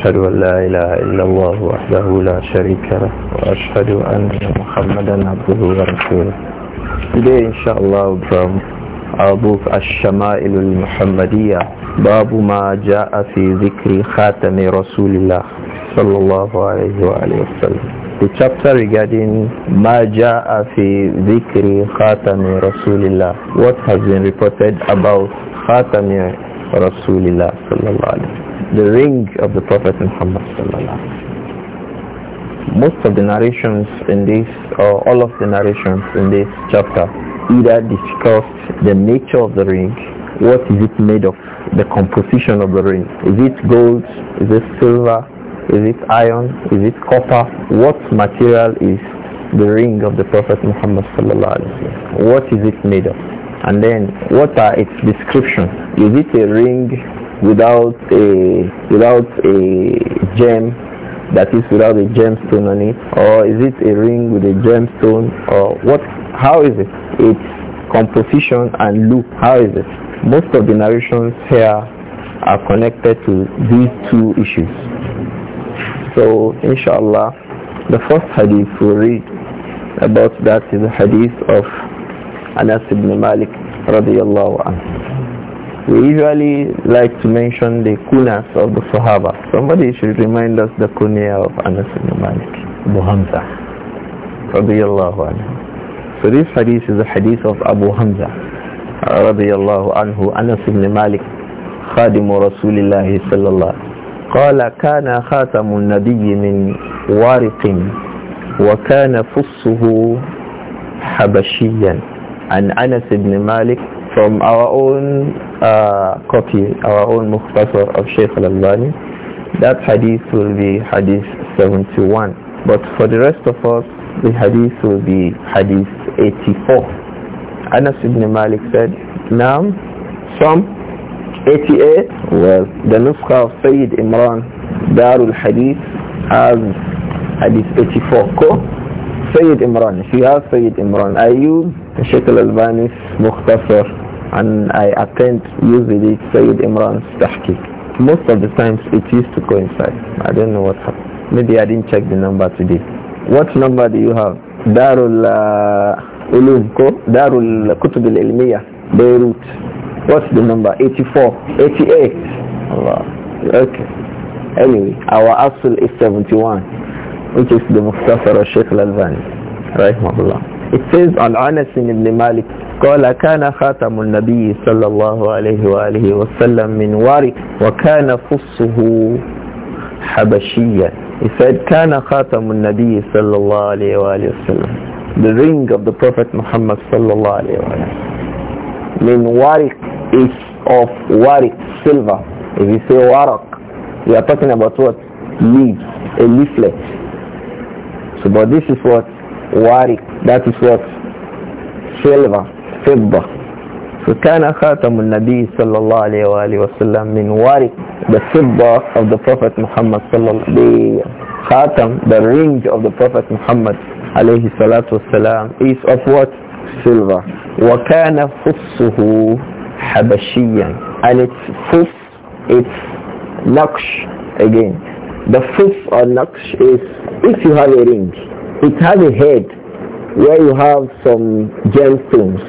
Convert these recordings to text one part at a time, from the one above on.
أشهد أن لا إله إلا الله وحده لا شريك له وأشهد أن محمدا عبده ورسوله Today inshallah from our book الشمائل المحمدية باب ما جاء في ذكر خاتم رسول الله صلى الله عليه وآله وسلم The chapter regarding ما جاء في ذكر خاتم رسول الله What has been reported about خاتم رسول الله صلى الله عليه وسلم the ring of the Prophet Muhammad Most of the narrations in this, or all of the narrations in this chapter, either discuss the nature of the ring, what is it made of, the composition of the ring. Is it gold? Is it silver? Is it iron? Is it copper? What material is the ring of the Prophet Muhammad What is it made of? And then what are its descriptions? Is it a ring without a without a gem that is without a gemstone on it or is it a ring with a gemstone or what how is it its composition and look how is it most of the narrations here are connected to these two issues so inshallah the first hadith we read about that is the hadith of Anas ibn Malik radiallahu anhu we usually like to mention the kunas of the Sahaba. Somebody should remind us the kunya of Anas ibn Malik. Abu Hamza. Radiallahu anhu. So this hadith is a hadith of Abu Hamza. Radiallahu anhu. Anas ibn Malik. خادم رسول الله صلى الله عَلَيْهِ وَسَلَّمَ. قال كان خاتم النبي من وارق وكان فصه حبشيا عن أنس بن مالك from our own uh, copy, our own Mukhtasar of Shaykh al-Albani, that hadith will be hadith 71. But for the rest of us, the hadith will be hadith 84. Anas ibn Malik said, now some 88, well, the Nuskha of Sayyid Imran, Darul Hadith, has hadith 84. Ko? Sayyid Imran, you have Sayyid Imran. I use Sheikh al-Albani's Mukhtasar and I attend usually Sayyid Imran's tahqiq. Most of the times it used to coincide. I don't know what happened. Maybe I didn't check the number today. What number do you have? Darul uh, Ulum Ko? Darul Kutub al-Ilmiya, Beirut. What's the number? 84, 88. Okay. Anyway, our Asul is 71, which is the Muqtasar al-Sheikh al-Albani. Rahimahullah. It says on Anas ibn Malik قال كان خاتم النبي صلى الله عليه وآله وسلم من واري وكان فصه حبشيا He said كان خاتم النبي صلى الله عليه وآله وسلم The ring of the Prophet Muhammad صلى الله عليه وآله وسلم من warik is of warik silver If you say warak we are talking about what? Leaves, a leaflet So but this is what? Warik, that is what? Silver فضة فكان خاتم النبي صلى الله عليه وآله وسلم من ورق the fidda of the Prophet Muhammad صلى الله the the ring of the Prophet Muhammad عليه الصلاة والسلام is of what silver وكان فصه حبشيا and its فص its naqsh again the fus or naqsh is if you have a ring it has a head where you have some gemstones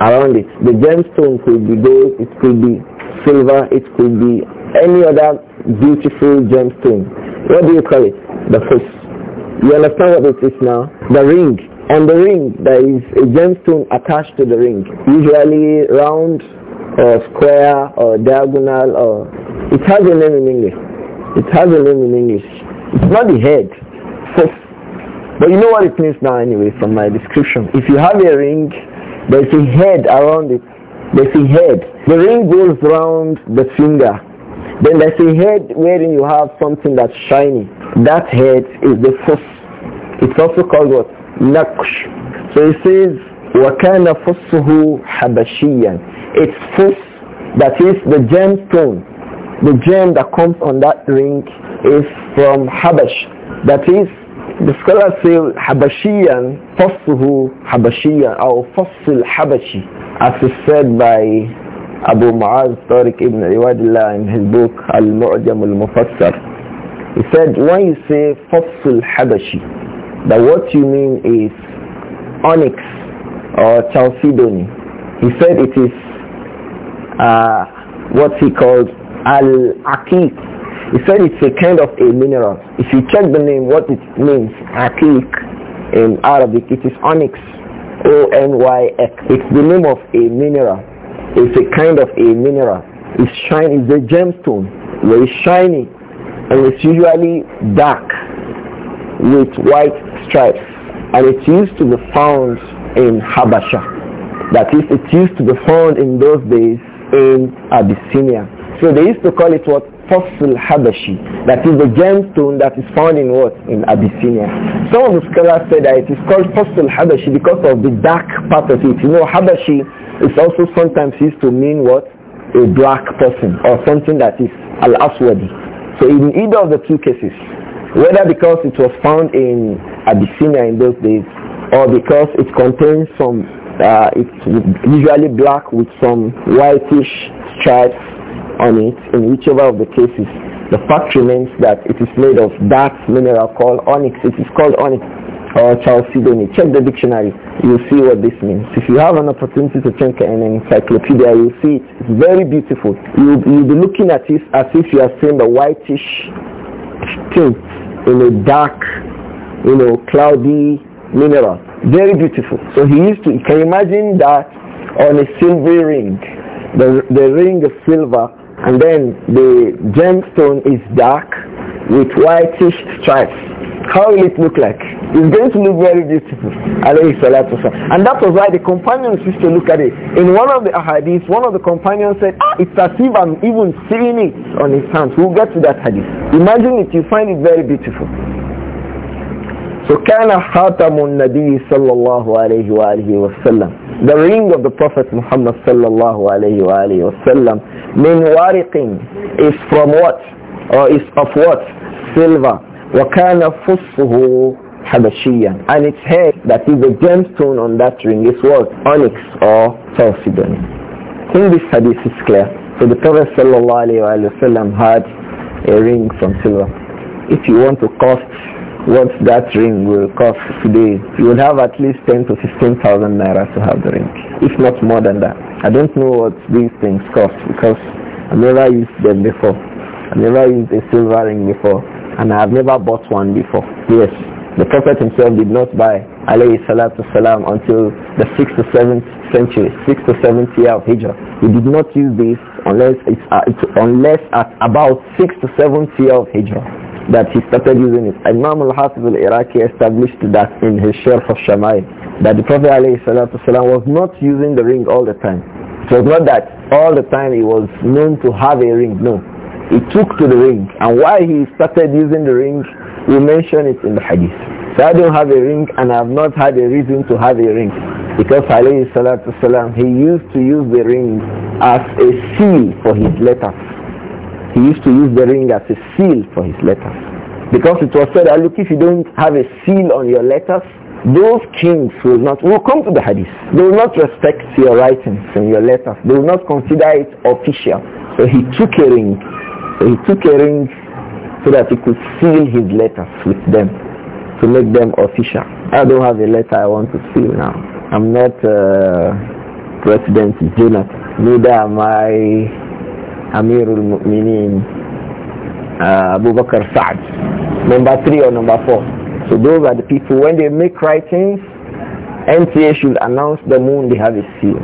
around it. The gemstone could be gold, it could be silver, it could be any other beautiful gemstone. What do you call it? The face. You understand what it is now? The ring. On the ring, there is a gemstone attached to the ring, usually round or square or diagonal or... It has a name in English. It has a name in English. It's not the head. But you know what it means now anyway from my description. If you have a ring there's a head around it. There's a head. The ring goes round the finger. Then there's a head wherein you have something that's shiny. That head is the fuss. It's also called what? Naqsh. So it says, وَكَانَ فُصُّهُ حَبَشِيًّا It's fuss, that is the gemstone. The gem that comes on that ring is from Habash. That is the scholars say Habashiyan, Fassuhu Habashiyan, or Fassil Habashi, as is said by Abu Maaz Tariq ibn Iwadillah in his book Al-Mu'jam al-Mufassar. He said, when you say Fassil Habashi, that what you mean is onyx or chalcedony. He said it is uh, what he called Al-Aqiq, he said it's a kind of a mineral. If you check the name, what it means, in Arabic, it is onyx, O-N-Y-X. It's the name of a mineral. It's a kind of a mineral. It's shiny, it's a gemstone, very shiny, and it's usually dark with white stripes. And it used to be found in Habasha. That is, it used to be found in those days in Abyssinia. So they used to call it what? Fossil Habashi, that is the gemstone that is found in what? In Abyssinia. Some of the scholars say that it is called Fossil Habashi because of the dark part of it. You know, Habashi is also sometimes used to mean what? A black person or something that is Al-Aswadi. So in either of the two cases, whether because it was found in Abyssinia in those days or because it contains some, uh, it's usually black with some whitish stripes on it, in whichever of the cases, the fact remains that it is made of that mineral called onyx. It is called onyx or chalcedony. Check the dictionary. You'll see what this means. If you have an opportunity to check an encyclopedia, you'll see it. It's very beautiful. You'll, you'll be looking at it as if you are seeing the whitish tint in a dark, you know, cloudy mineral. Very beautiful. So he used to, you can imagine that on a silver ring. The, the ring of silver and then the gemstone is dark with whitish stripes. How will it look like? It's going to look very beautiful. And that was why the companions used to look at it. In one of the hadiths, one of the companions said, ah, it's as if I'm even seeing it on his hands. We'll get to that hadith. Imagine it, you find it very beautiful. So كان خاتم النبي صلى الله عليه وآله وسلم the ring of the Prophet Muhammad sallallahu alayhi wa alayhi wa sallam min wariqin is from what? Or is of what? Silver. وَكَانَ fusuhu حَبَشِيًّا And its head, that is the gemstone on that ring, is what? Onyx or chalcedony. In this hadith is clear. So the Prophet sallallahu alayhi wa sallam had a ring from silver. If you want to cost what that ring will cost today, you will have at least 10 to 15,000 naira to have the ring, if not more than that. I don't know what these things cost because I've never used them before. I've never used a silver ring before, and I've never bought one before. Yes, the Prophet himself did not buy alayhi salatu salam until the 6th to 7th century, 6th to 7th year of Hijrah. He did not use this unless, it's, uh, it's unless at about 6th to 7th year of Hijrah that he started using it. Imam al-Hafiz al-Iraqi established that in his Sharh al-Shamail, that the Prophet ﷺ was not using the ring all the time. It was not that all the time he was known to have a ring, no. He took to the ring. And why he started using the ring, we mention it in the hadith. So I don't have a ring and I have not had a reason to have a ring. Because ﷺ he used to use the ring as a seal for his letters he used to use the ring as a seal for his letters. Because it was said that, look, if you don't have a seal on your letters, those kings will not, will come to the hadith. They will not respect your writings and your letters. They will not consider it official. So he took a ring. So he took a ring so that he could seal his letters with them to make them official. I don't have a letter I want to seal now. I'm not uh, President Jonathan. Neither am I Amirul Mu'mineen, uh, Abu Bakr sa number three or number four. So those are the people, when they make writings, NTA should announce the moon they have a seal.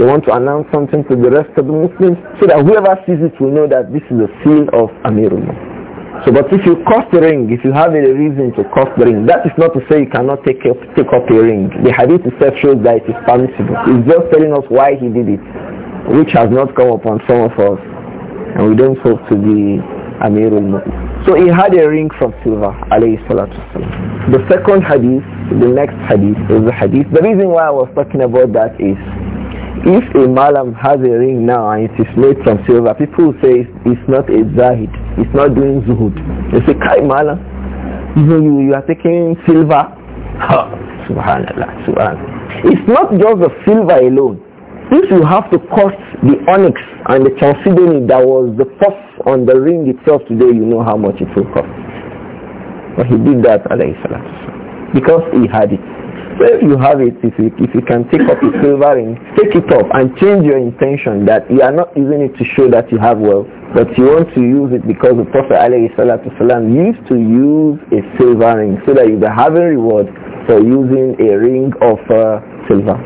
They want to announce something to the rest of the Muslims so that whoever sees it will know that this is the seal of Amirul Mu'mineen. So, but if you cost the ring, if you have a reason to cost the ring, that is not to say you cannot take up, take up a ring. The hadith itself shows that it is permissible. It's just telling us why he did it which has not come upon some of us, and we don't hope to be Amirul Mu'min. So he had a ring from silver, alayhi salatu The second hadith, the next hadith, is the hadith. The reason why I was talking about that is, if a malam has a ring now and it is made from silver, people say it's not a zahid, it's not doing zuhud. They say, Kai malam, you, know, you, you are taking silver. Ha, subhanallah, subhanallah. It's not just the silver alone. If you have to cost the onyx and the chalcedony that was the first on the ring itself today, you know how much it will cost. But he did that, alayhi because he had it. So if you have it, if you, if you can take up the silver ring, take it up and change your intention that you are not using it to show that you have wealth, but you want to use it because the Prophet alayhi salatu salam used to use a silver ring so that you'll be having reward for using a ring of uh, silver.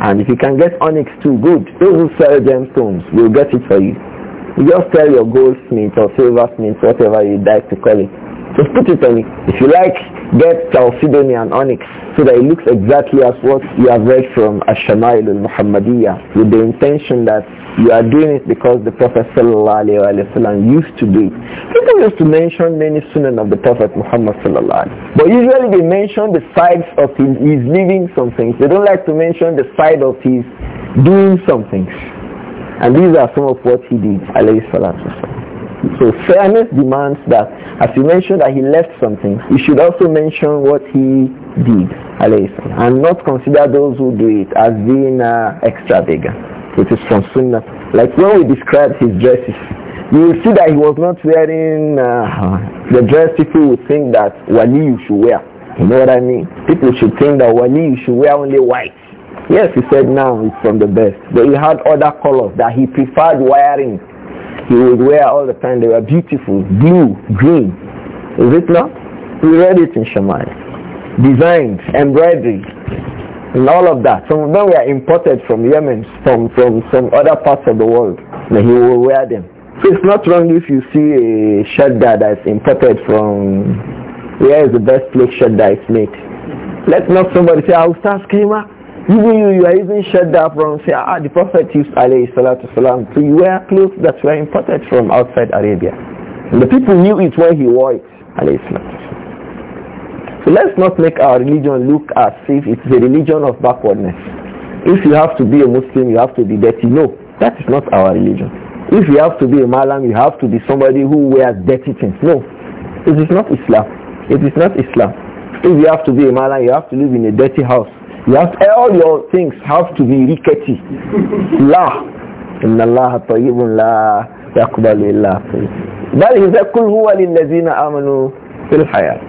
And if you can get onyx too, good. Those who sell gemstones will get it for you. You just tell your goldsmith or silversmith, whatever you like to call it, just put it on it. If you like, get chalcedony and onyx so that it looks exactly as what you have read from Ash-Shama'il al-Muhammadiyah with the intention that you are doing it because the Prophet sallallahu used to do it. People used to mention many sunan of the Prophet Muhammad sallallahu But usually they mention the sides of his, his leaving some things. They don't like to mention the side of his doing some things. And these are some of what he did alayhi salatu so fairness demands that, as you mentioned that he left something, you should also mention what he did, and not consider those who do it as being uh, extravagant. It is from Sunnah. Like when we describe his dresses, you will see that he was not wearing uh, the dress people would think that wali you should wear. You know what I mean? People should think that wali you should wear only white. Yes, he said now it's from the best. But he had other colors that he preferred wearing he would wear all the time. They were beautiful, blue, green. Is it not? We read it in Shammai. Designs, embroidery, and all of that. Some of them were imported from Yemen, from, from some other parts of the world. And he will wear them. So it's not wrong if you see a shirt that's imported from where is the best place shirt that is made. Let not somebody say, I'll start screaming. Even you, you are even shut down from say, ah, the Prophet used alayhi salatu salam to wear clothes that were imported from outside Arabia. And the people knew it when he wore it, alayhi salatu So let's not make our religion look as if it's a religion of backwardness. If you have to be a Muslim, you have to be dirty. No, that is not our religion. If you have to be a Malam, you have to be somebody who wears dirty things. No, it is not Islam. It is not Islam. If you have to be a Malam, you have to live in a dirty house. You have all your things have to be rickety. La. Inna Allah tayyibun la yaqbalu illa That is a kul huwa lillazina amanu fil hayat.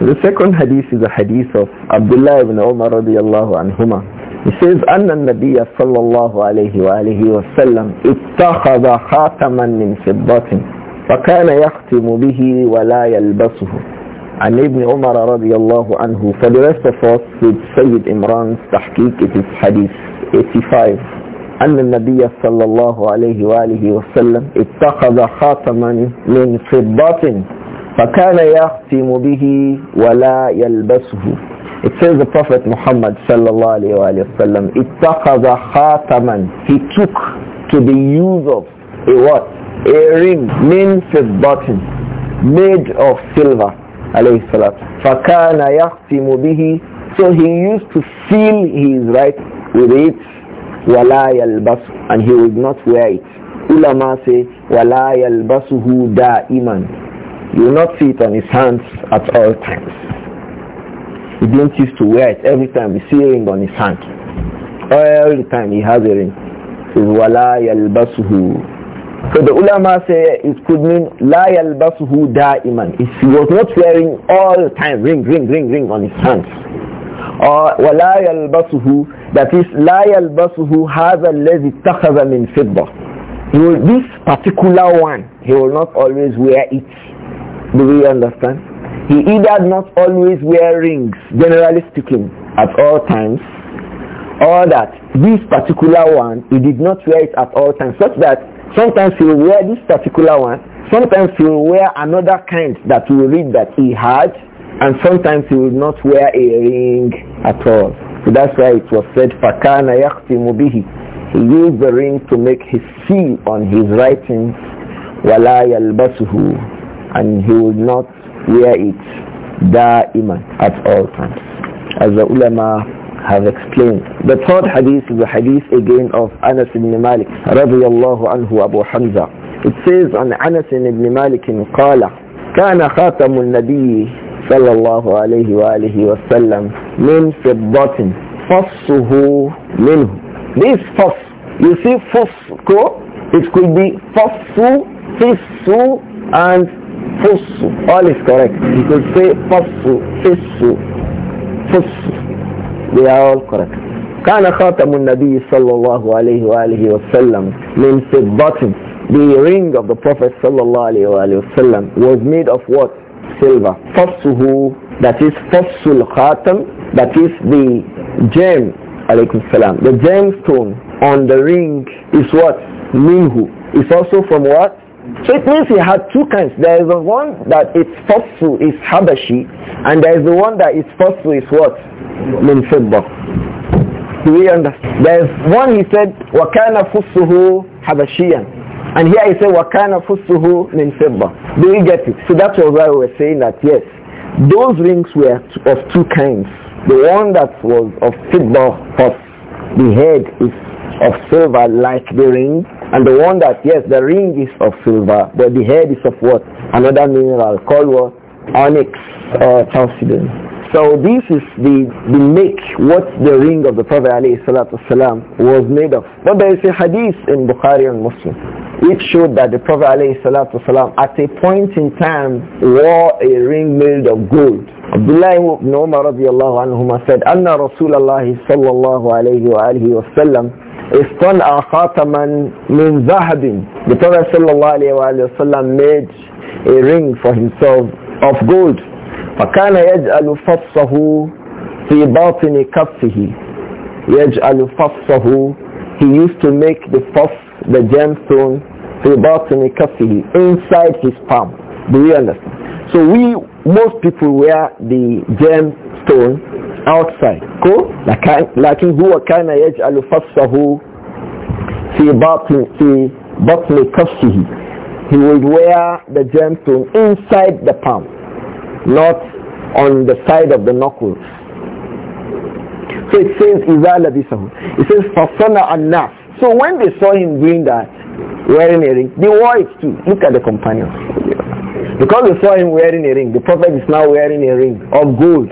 The second hadith is a hadith of Abdullah ibn Umar radiyallahu anhuma. He says, أن النبي صلى الله عليه وآله وسلم اتخذ خاتما من فضة فكان يختم به ولا يلبسه عن ابن عمر رضي الله عنه فدرست the سيد of تحقيق في الحديث 85 أن النبي صلى الله عليه وآله وسلم اتخذ خاتما من فضة فكان يختم به ولا يلبسه It says the Prophet Muhammad sallallahu alayhi wa sallam وسلم اتخذ خاتما He took to the use of a what? A ring من فضة made of silver alayhi So he used to fill his right with it, وَلَا يَلْبَسُ And he would not wear it. Ulama say, وَلَا da iman." You will not see it on his hands at all times. He didn't used to wear it every time. he's see a ring on his hand. Every time he has a ring. It says, وَلَا so the ulama say it could mean la yalbasuhu da'iman. He was not wearing all the time ring, ring, ring, ring on his hands. Or wala yalbasuhu, that is la yalbasuhu hadha alladhi ittakhadha min fidda. He will, this particular one, he will not always wear it. Do we understand? He either not always wear rings, generally speaking, at all times, or that this particular one, he did not wear it at all times, such that Sometimes he will wear this particular one. Sometimes he will wear another kind that we read that he had. And sometimes he will not wear a ring at all. So that's why it was said, فَكَانَ يَخْتِمُ بِهِ He used the ring to make his seal on his writings, وَلَا يَلْبَسُهُ And he will not wear it دائما at all times. As the ulama have explained. The third hadith is the hadith again of Anas ibn Malik radiyallahu anhu Abu Hamza. It says on Anas ibn Malik قال كان خاتم النبي صلى الله عليه وآله وسلم من فضة فصه منه. This فص, you see فص, it could be فص, فص and فص. All is correct. You could say فص, فص, فص. They are all correct. كان خاتم النبي صلى الله عليه وآله وسلم من فضة The ring of the Prophet صلى الله عليه وآله وسلم was made of what? Silver. فصه that is فص الخاتم that is the gem عليكم السلام the gemstone on the ring is what? منه is also from what? So it means he had two kinds. There is the one that is forceful is Habashi, and there is the one that is forceful is what? Munfibba. Do we understand? There is one he said, وَكَانَ فُسُّهُ Habashiyan. And here he said, وَكَانَ فُسُّهُ مِنْ Do we get it? So that's why we were saying that, yes, those rings were of two kinds. The one that was of fibba, of the head is of silver like the ring, and the one that, yes, the ring is of silver, but the head is of what? Another mineral called what? Onyx or uh, chalcedon. So this is the, the make, what the ring of the Prophet والسلام, was made of. But there is a hadith in Bukhari and Muslim which showed that the Prophet والسلام, at a point in time wore a ring made of gold. Abdullah ibn Umar radiallahu anhuma said, Anna Rasul Allah صلى الله عليه istana khataman من zahabin. The Prophet sallallahu alayhi wa made a ring for himself of gold. فكان يجعل فصه في باطن كفه يجعل فصه he used to make the fuss the gemstone في باطن كفه inside his palm do you understand so we most people wear the gem stone outside ko lakin huwa kana yaj'alu fassahu fi batni fi batni kafsihi he would wear the gemstone inside the palm not on the side of the knuckles so it says idha labisahu it says fasana an so when they saw him doing that wearing a ring they wore it too look at the companions because they saw him wearing a ring the prophet is now wearing a ring of gold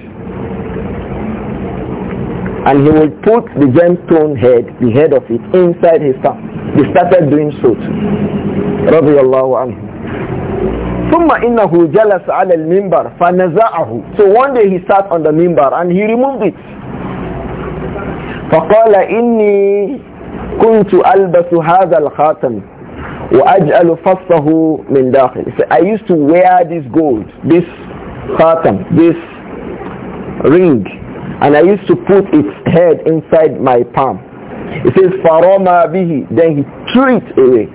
and he will put the gemstone head, the head of it, inside his staff. He started doing so. ثم إنه جلس على المنبر فنزعه so one day he sat on the minbar and he removed it فقال إني كنت ألبس هذا الخاتم وأجعل فصه من داخل so I used to wear this gold this خاتم this ring and I used to put its head inside my palm. It says, Faroma bihi. Then he threw it away.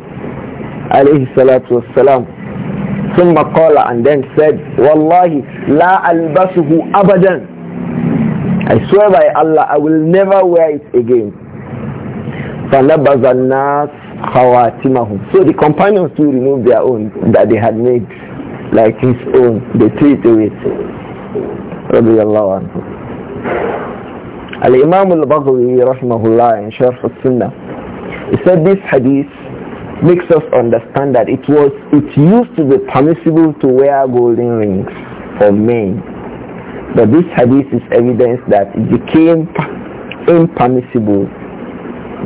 Alayhi salatu wassalam. ثم قال and then said, Wallahi, la albasuhu abadan. I swear by Allah, I will never wear it again. So the companions too removed their own that they had made, like his own. They threw it away. رضي الله عنه. Al-Imam al-Baghawi rahimahullah in Sharh al-Sunnah, he said this hadith makes us understand that it was, it used to be permissible to wear golden rings for men. But this hadith is evidence that it became impermissible,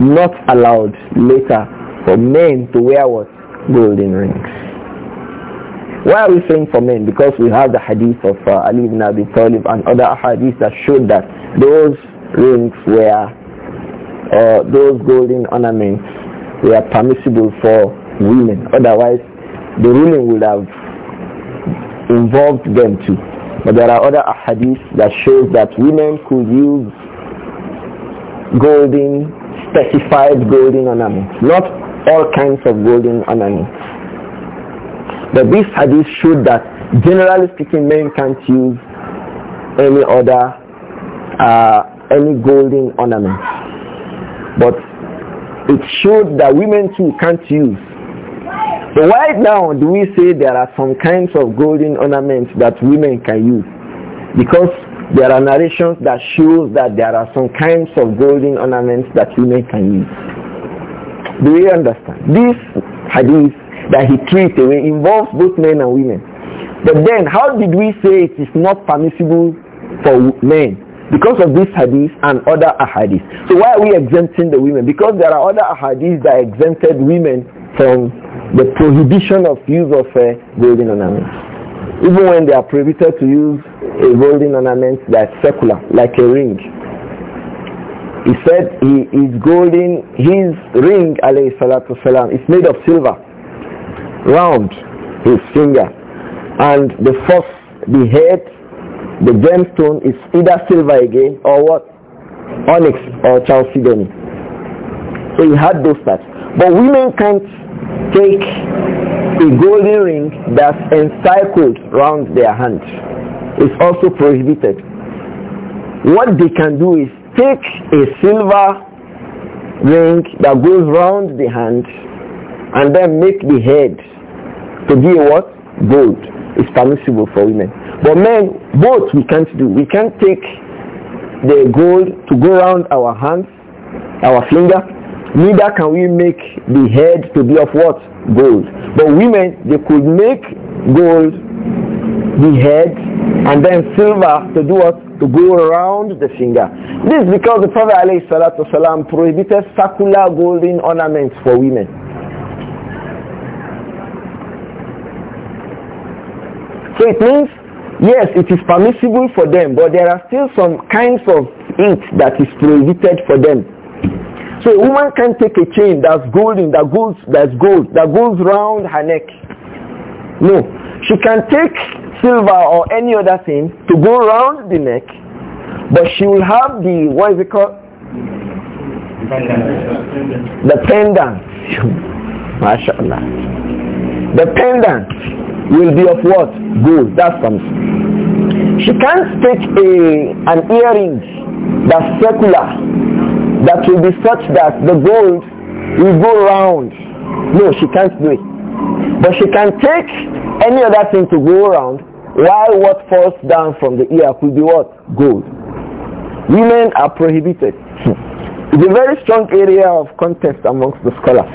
not allowed later for men to wear what? Golden rings. Why are we praying for men? Because we have the hadith of uh, Ali ibn Abi Talib and other hadiths that showed that those rings were, or uh, those golden ornaments were permissible for women. Otherwise, the ruling would have involved them too. But there are other hadiths that shows that women could use golden, specified golden ornaments, not all kinds of golden ornaments. But this hadith showed that generally speaking men can't use any other uh, any golden ornament. But it showed that women too can't use. So right now do we say there are some kinds of golden ornaments that women can use? Because there are narrations that show that there are some kinds of golden ornaments that women can use. Do you understand? This hadith that he treats, it away involves both men and women. But then how did we say it is not permissible for men? Because of this hadith and other ahadith. So why are we exempting the women? Because there are other ahadith that exempted women from the prohibition of use of uh, golden ornaments even when they are prohibited to use a golden ornament that's secular, like a ring. He said he is golden, his ring, alayhi salatu salam, is made of silver round his finger. And the first, the head, the gemstone is either silver again or what? Onyx or chalcedony. So he had those parts. But women can't take a golden ring that's encircled round their hand. It's also prohibited. What they can do is take a silver ring that goes round the hand and then make the head to be a what? Bold. It's permissible for women. But men, both we can't do. We can't take the gold to go around our hands, our finger. Neither can we make the head to be of what? Gold. But women, they could make gold, the head, and then silver to do what? To go around the finger. This is because the Prophet ﷺ prohibited circular golden ornaments for women. So it means, yes, it is permissible for them, but there are still some kinds of it that is prohibited for them. So a woman can take a chain that's golden, that goes, that's gold, that goes round her neck. No. She can take silver or any other thing to go round the neck, but she will have the, what is it called? The pendant. MashaAllah. The pendant will be of what? Gold. That's something. She can't take a, an earring that's circular that will be such that the gold will go round. No, she can't do it. But she can take any other thing to go around while what falls down from the ear could be what? Gold. Women are prohibited. it's a very strong area of contest amongst the scholars.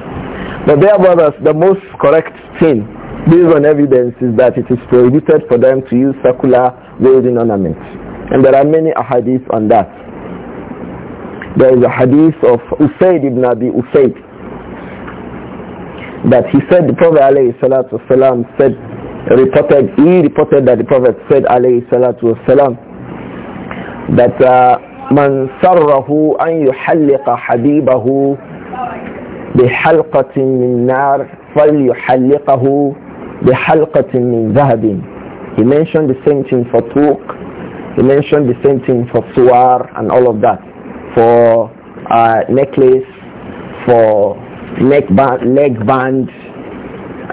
But there brothers, the most correct thing based on evidence is that it is prohibited for them to use circular golden ornaments. And there are many ahadith on that. There is a hadith of Usaid ibn Abi Usaid that he said the Prophet alayhi salatu said reported he reported that the Prophet said alayhi salatu wasalam that uh, من سره أن يحلق حبيبه بحلقة من نار فليحلقه بحلقة من ذهب he mentioned the same thing for tuq he mentioned the same thing for suwar and all of that for uh, necklace for neck band, leg band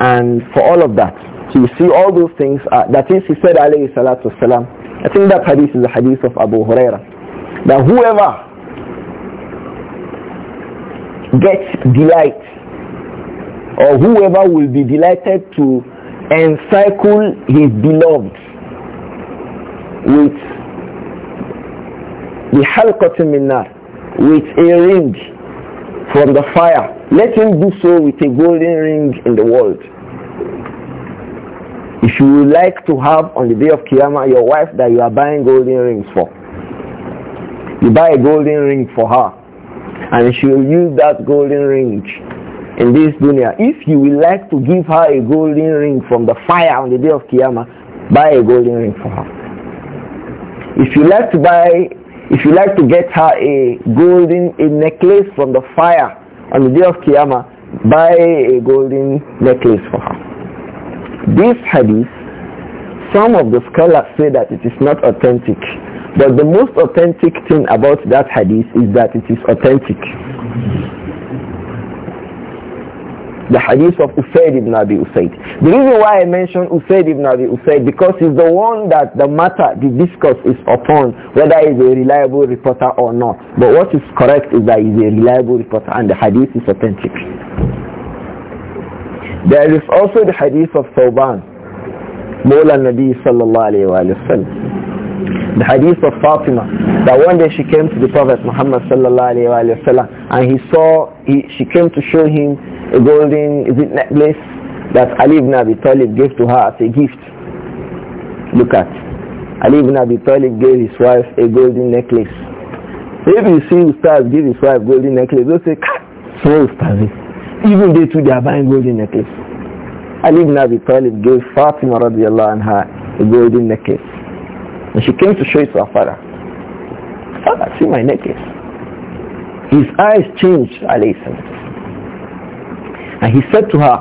and for all of that so you see all those things uh, that is he said alayhi salatu wasalam I think that hadith is the hadith of Abu Huraira that whoever gets delight or whoever will be delighted to encircle his beloved with the halqatu minar with a ring from the fire let him do so with a golden ring in the world if you would like to have on the day of Qiyamah your wife that you are buying golden rings for you buy a golden ring for her and she will use that golden ring in this dunya. If you would like to give her a golden ring from the fire on the day of Qiyamah, buy a golden ring for her. If you like to buy, if you like to get her a golden a necklace from the fire on the day of Qiyamah, buy a golden necklace for her. This hadith, some of the scholars say that it is not authentic. But the most authentic thing about that hadith is that it is authentic the hadith of Usaid ibn Abi Usaid. The reason why I mention Usaid ibn Abi Usaid because he's the one that the matter, the discourse is upon whether he's a reliable reporter or not. But what is correct is that he's a reliable reporter and the hadith is authentic. There is also the hadith of Thawban, Mawla Nabi sallallahu alayhi wa sallam. The hadith of Fatima, that one day she came to the Prophet Muhammad sallallahu alayhi wa and he saw, he, she came to show him a golden, is it necklace that Ali ibn Abi Talib gave to her as a gift. Look at, Ali ibn Abi Talib gave his wife a golden necklace. If you see Ustaz give his wife golden necklace, they'll say, so Ustaz, even they too, they are buying golden necklace. Ali ibn Abi Talib gave Fatima radiallahu anha a golden necklace. And she came to show it to her father. Father, see my necklace. His eyes changed, alayhi And he said to her,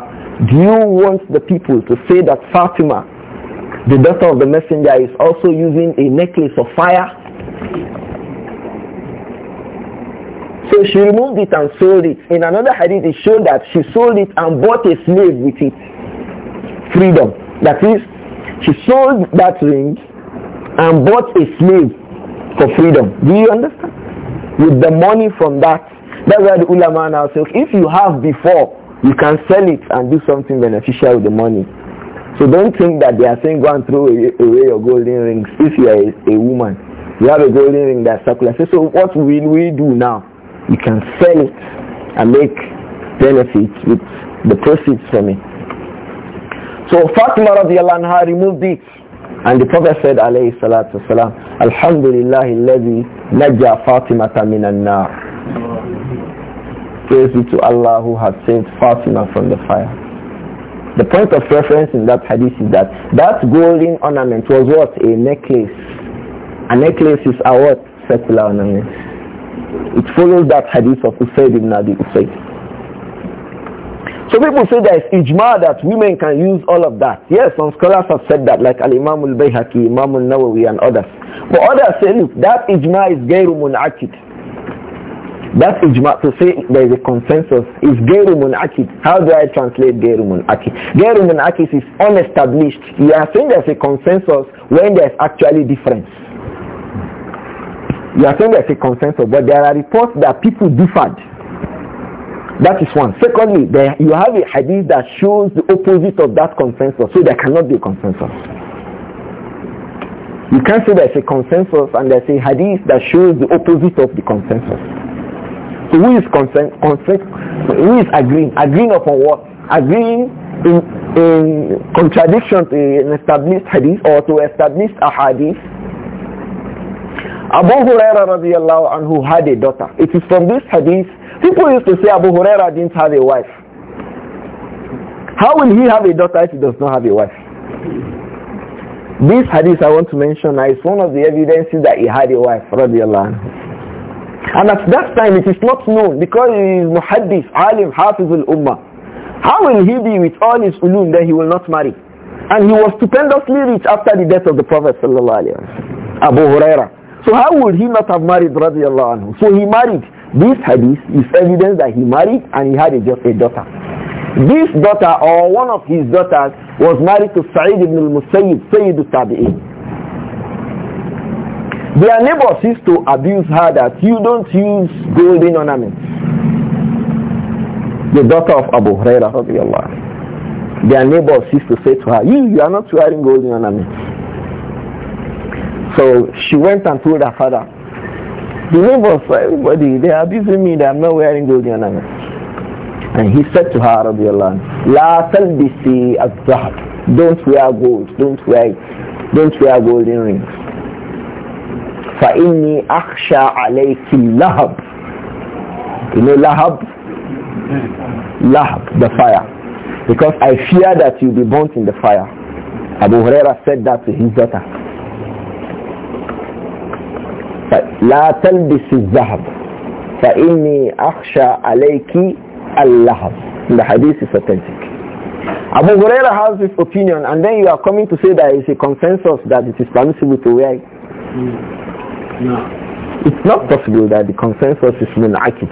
do you want the people to say that Fatima, the daughter of the messenger, is also using a necklace of fire? So she removed it and sold it. In another hadith, it showed that she sold it and bought a slave with it. Freedom. That is, she sold that ring and bought a slave for freedom. Do you understand? With the money from that. That's why the ulama now say, okay, if you have before, you can sell it and do something beneficial with the money. So don't think that they are saying go and throw away your golden rings if you are a, woman. You have a golden ring that's circular. So, so what will we do now? You can sell it and make benefits with the proceeds from it. So Fatima radiallahu anha removed it and the Prophet said, alayhi salatu wasalam, Alhamdulillah, الذي نجى فاطمة من النار. Praise be to Allah who has saved Fatima from the fire. The point of reference in that hadith is that that golden ornament was what? A necklace. A necklace is a what? Secular ornament. It follows that hadith of Usaid ibn Abi Usaid. So people say there is ijma that women can use all of that. Yes, some scholars have said that, like Al-Imam al-Bayhaqi, Imam al-Nawawi and others. But others say, look, that ijma is gairu mun'akid. That ijma, to say there is a consensus, is gairu mun'akid. How do I translate gairu mun'akid? Gairu mun'akid is unestablished. You are saying there is a consensus when there is actually difference. You are saying there is a consensus, but there are reports that people differed. That is one. Secondly, there, you have a hadith that shows the opposite of that consensus, so there cannot be a consensus. You can't say there's a consensus and there's a hadith that shows the opposite of the consensus. So who is consen- who is agreeing? Agreeing upon what? Agreeing in, in contradiction to an established hadith or to establish a hadith Abu Huraira radiallahu anhu had a daughter. It is from this hadith People used to say Abu Huraira didn't have a wife. How will he have a daughter if he does not have a wife? This hadith I want to mention now is one of the evidences that he had a wife, radiallahu anhu. And at that time it is not known because he is muhaddith, alim, hafiz al-ummah. How will he be with all his ulum that he will not marry? And he was stupendously rich after the death of the Prophet sallallahu alayhi wa Abu Huraira. So how would he not have married radiallahu anhu? So he married this hadith is evidence that he married and he had a, a daughter. This daughter or one of his daughters was married to Sa'id ibn al-Musayyib, Sayyid al-Tabi'in. Their neighbors used to abuse her that you don't use golden ornaments. The daughter of Abu Hurairah, their neighbors used to say to her, you, you are not wearing golden ornaments. So she went and told her father, the neighbors for everybody, they are abusing me that I'm not wearing gold ornaments. And he said to her, Radiallahu La talbisi al-zahab. Don't wear gold. Don't wear, don't wear golden rings. فَإِنِّي أَخْشَى عَلَيْكِ اللَّهَبْ You know lahab? Lahab, the fire. Because I fear that you'll be burnt in the fire. Abu Huraira said that to his daughter. لا تلبس الذهب فإني أخشى عليك اللهب the hadith is authentic Abu Huraira has this opinion and then you are coming to say that it's a consensus that it is permissible to wear it. No. Hmm. It's not possible that the consensus is munakid.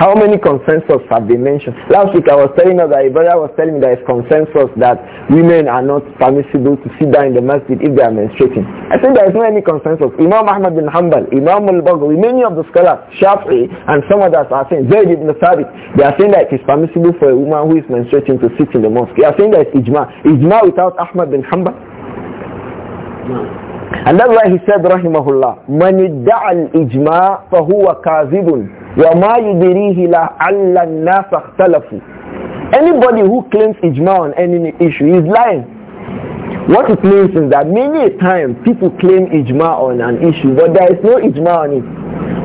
How many consensus have been mentioned? Last week I was telling us that a brother was telling me there is consensus that women are not permissible to sit down in the masjid if they are menstruating. I think there is no any consensus. Imam Ahmad bin Hanbal, Imam al-Baghawi, many of the scholars, Shafi'i and some others are saying, Zayd ibn Thabit, they are saying that it is permissible for a woman who is menstruating to sit in the mosque. They are saying that it's ijma. Ijma without Ahmad bin Hanbal? No. And that's why he said, rahimahullah, من ادعى الإجماع فهو كاذب وما يدريه لعل الناس اختلفوا. Anybody who claims ijma on any issue is lying. What it means is that many a time people claim ijma on an issue, but there is no ijma on it.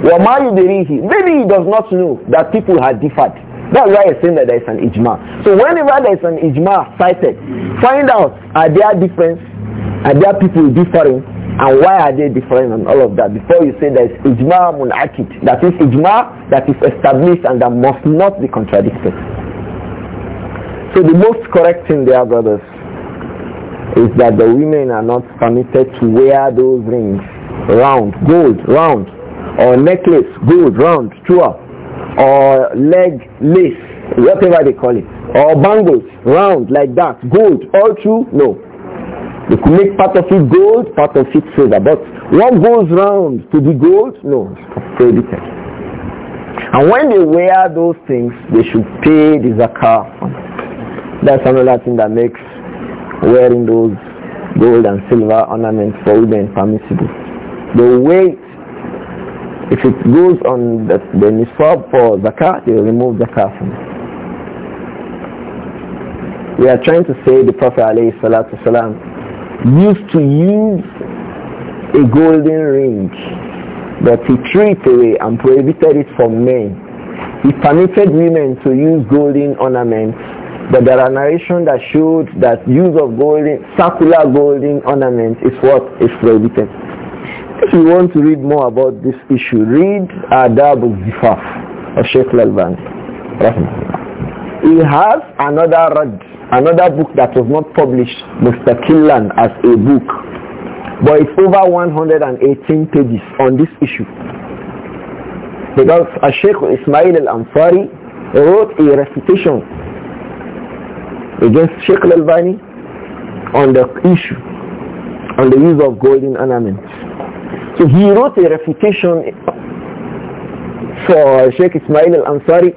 وما يدريه. Maybe he does not know that people have differed. That's why I'm saying that there is an ijma. So whenever there is an ijma cited, find out are there differences? Are there people differing? and why are they different and all of that before you say there is ijma munakid that is ijma that is established and that must not be contradicted so the most correct thing there brothers is that the women are not permitted to wear those rings round gold round or necklace gold round jewel or leg lace whatever they call it or bangles round like that gold all true no they could make part of it gold, part of it silver. But what goes round to the gold? No, prohibited. And when they wear those things, they should pay the zakah. That's another thing that makes wearing those gold and silver ornaments for women permissible. The weight, if it goes on the, the nisab for zakah, they will remove zakah from it we are trying to say the Prophet ﷺ used to use a golden ring, but he threw it away and prohibited it for men. He permitted women to use golden ornaments, but there are narrations that showed that use of golden, circular golden ornaments is what is prohibited. If you want to read more about this issue, read Adab al-Zifaf of Sheikh Lalban. He has another rad another book that was not published, Mr. Killan, as a book. But it's over 118 pages on this issue. Because Sheikh Ismail al-Ansari wrote a recitation against Sheikh al-Albani on the issue, on the use of golden ornaments. So he wrote a refutation for Sheikh Ismail al-Ansari,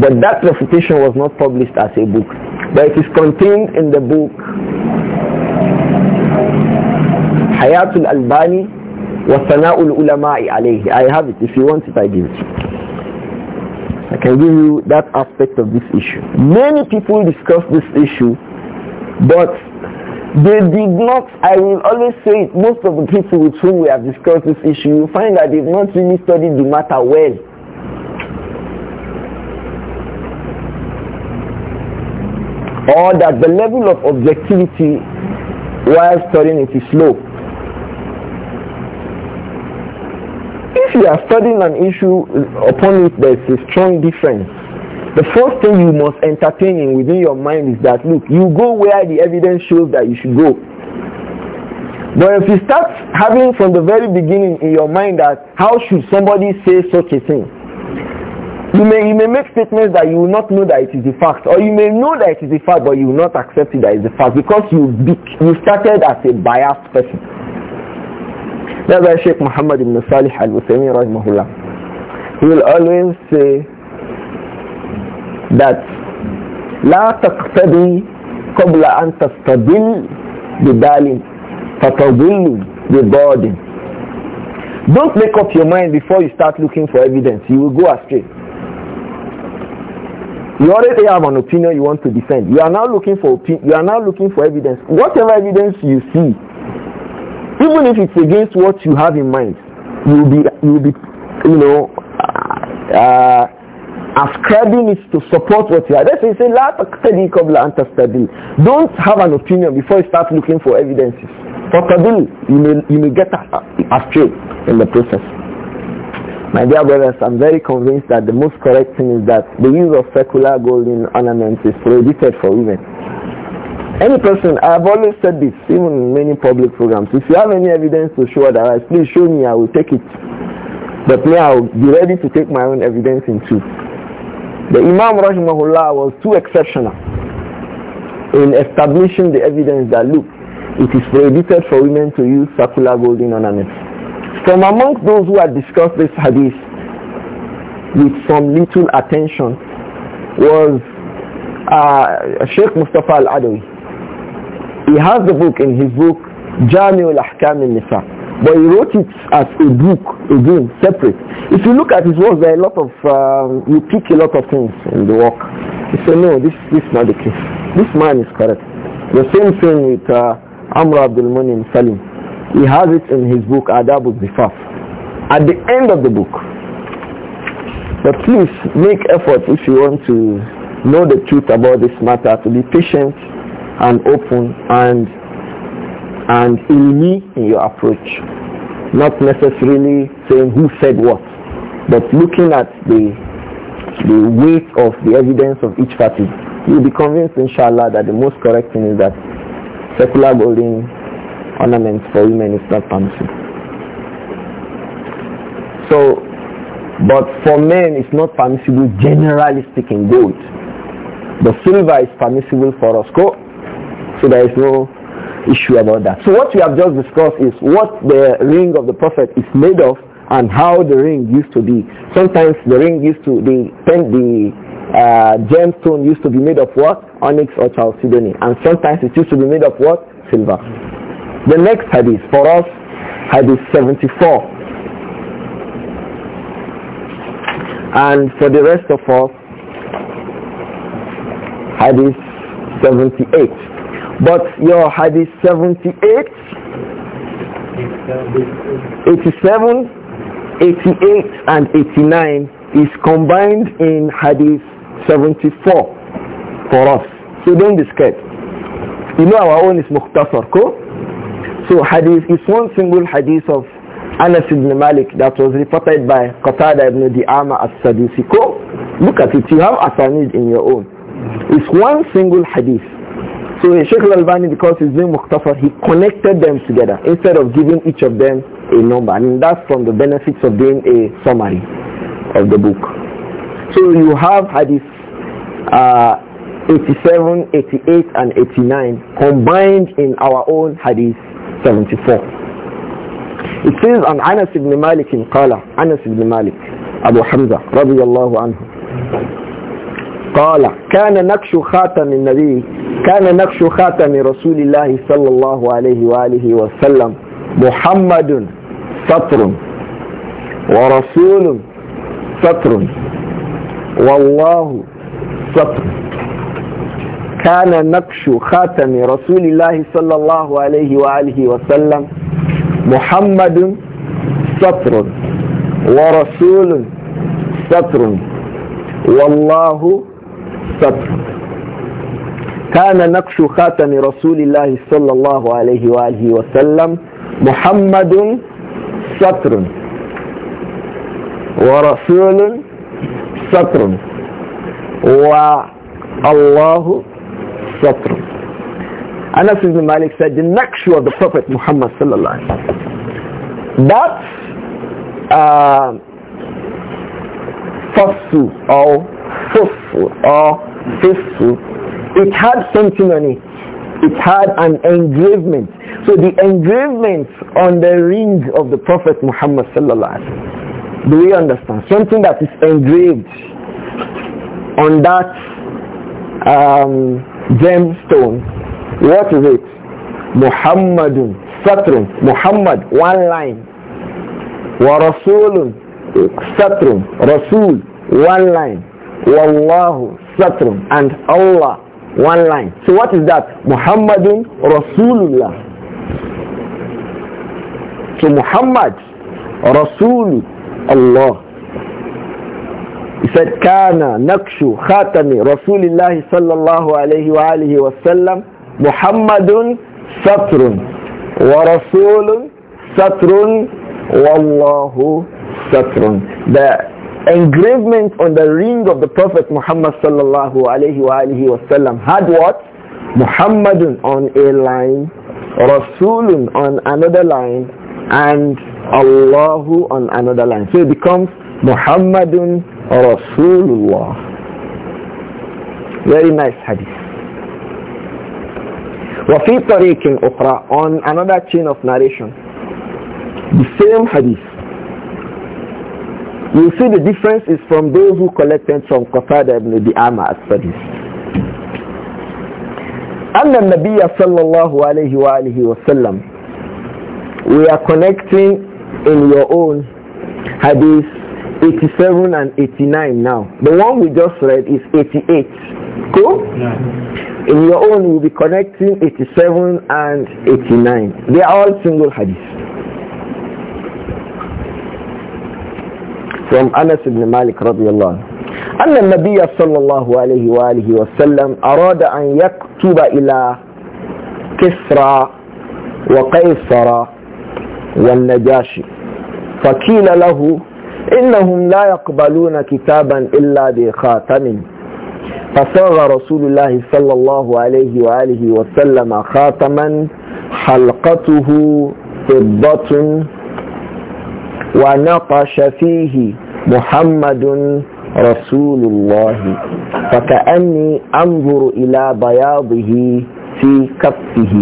but that refutation was not published as a book. But it is contained in the book Hayatul Albani wa Sana'ul Ulama'i alayhi. I have it. If you want it, I give it. I can give you that aspect of this issue. Many people discuss this issue, but they did not, I will always say it, most of the people with whom we have discussed this issue, you find that they've not really studied the matter well. or that the level of objectivity while studying it is low. If you are studying an issue upon which there is a strong difference, the first thing you must entertain in within your mind is that look, you go where the evidence shows that you should go. But if you start having from the very beginning in your mind that how should somebody say such a thing, you may, you may make statements that you will not know that it is the fact, or you may know that it is the fact, but you will not accept it that it is the fact because you, be, you started as a biased person. That's why Sheikh Muhammad ibn Salih al-Uthaymeen rahimahullah, he will always say that لا تقتدي قبل أن تستدل بدال فتضل بضاد Don't make up your mind before you start looking for evidence. You will go astray. You already have an opinion you want to defend. You are now looking for you are now looking for evidence. Whatever evidence you see, even if it's against what you have in mind, you'll be you'll be you know uh, uh, ascribing it to support what you are. That's why you say la Don't have an opinion before you start looking for evidences. for you may you may get astray in the process. My dear brothers, I'm very convinced that the most correct thing is that the use of secular golden ornaments is prohibited for women. Any person, I've always said this, even in many public programs, if you have any evidence to show otherwise, please show me, I will take it. But me, I will be ready to take my own evidence in two. The Imam Rahimahullah was too exceptional in establishing the evidence that, look, it is prohibited for women to use circular golden ornaments. From among those who had discussed this hadith with some little attention was uh, Sheikh Mustafa Al-Adawi. He has the book in his book Jamiul ahkam al-Nisa. But he wrote it as a book, again, separate. If you look at his work, there are a lot of, um, you pick a lot of things in the work. He said, no, this this is not the case. This man is correct. The same thing with uh, Amr Abdul Munim Salim. He has it in his book Adabu al-Zifaf. At the end of the book. But please make effort if you want to know the truth about this matter, to be patient and open and and ilmi in your approach. Not necessarily saying who said what, but looking at the the weight of the evidence of each party. You'll be convinced, inshallah, that the most correct thing is that secular building ornaments for women is not permissible. So, but for men it's not permissible generally speaking gold. The silver is permissible for us. So there is no issue about that. So what we have just discussed is what the ring of the prophet is made of and how the ring used to be. Sometimes the ring used to, the, the uh, gemstone used to be made of what? Onyx or chalcedony. And sometimes it used to be made of what? Silver. The next hadith for us, hadith 74. And for the rest of us, hadith 78. But your hadith 78, 87, 88 and 89 is combined in hadith 74 for us. So don't be scared. You know our own is Muqtasar, cool? So hadith is one single hadith of Anas ibn Malik that was reported by Qatada ibn Di'ama as-Sadusi. look at it. You have Asanid in your own. It's one single hadith. So Sheikh al-Albani, because he's doing Muqtafar, he connected them together instead of giving each of them a number. I mean, that's from the benefits of doing a summary of the book. So you have hadith uh, 87, 88, and 89 combined in our own hadith 74 It says on Anas ibn Malik in Qala, Anas ibn Malik, Abu Hamza, رضي الله عنه. قال كان نكش خاتم النبي كان نكش خاتم رسول الله صلى الله عليه وآله وسلم محمد سطر ورسول سطر والله سطر كان نقش خاتم رسول الله صلى الله عليه وآله وسلم محمد سطر ورسول سطر والله سطر كان نقش خاتم رسول الله صلى الله عليه وآله وسلم محمد سطر ورسول سطر والله سطر Satr. Anas ibn Malik said, the Naqshu of the Prophet Muhammad sallallahu alaihi That uh, Fasu or Fufu or Fisu, it had something on it. It had an engraving. So the engraving on the ring of the Prophet Muhammad sallallahu alaihi wasallam. Do we understand? Something that is engraved on that um, gemstone. What is it? Muhammadun Satrun. Muhammad, one line. Wa Rasulun Rasul, one line. Wallahu Satrun. And Allah, one line. So what is that? Muhammadun Rasulullah. So Muhammad, Rasul, Allah. He said, Kana Nakshu Khatami Rasulullah sallallahu alayhi wa alihi wa sallam Muhammadun Satrun wa Rasulun Satrun Wallahu Satrun. The engravement on the ring of the Prophet Muhammad sallallahu alayhi wa alihi wa sallam had what? Muhammadun on a line, Rasulun on another line, and Allahu on another line. So it becomes Muhammadun Rasulullah. Very nice hadith. وفي طريق أخرى on another chain of narration the same hadith you see the difference is from those who collected from Qatada ibn Bi'ama as hadith أن النبي صلى الله عليه وآله وسلم we are connecting in your own hadith 87 and 89 now. The one we just read is 88. Cool? Yeah. In your own, we'll be connecting 87 and 89. They are all single hadith. From Anas ibn Malik radiallahu أن النبي صلى الله عليه وآله وسلم أراد أن يكتب إلى كسرى وقيصر والنجاشي فقيل له إنهم لا يقبلون كتابا إلا بخاتم فصاغ رسول الله صلى الله عليه وآله وسلم خاتما حلقته فضة ونقش فيه محمد رسول الله فكأني أنظر إلى بياضه في كفه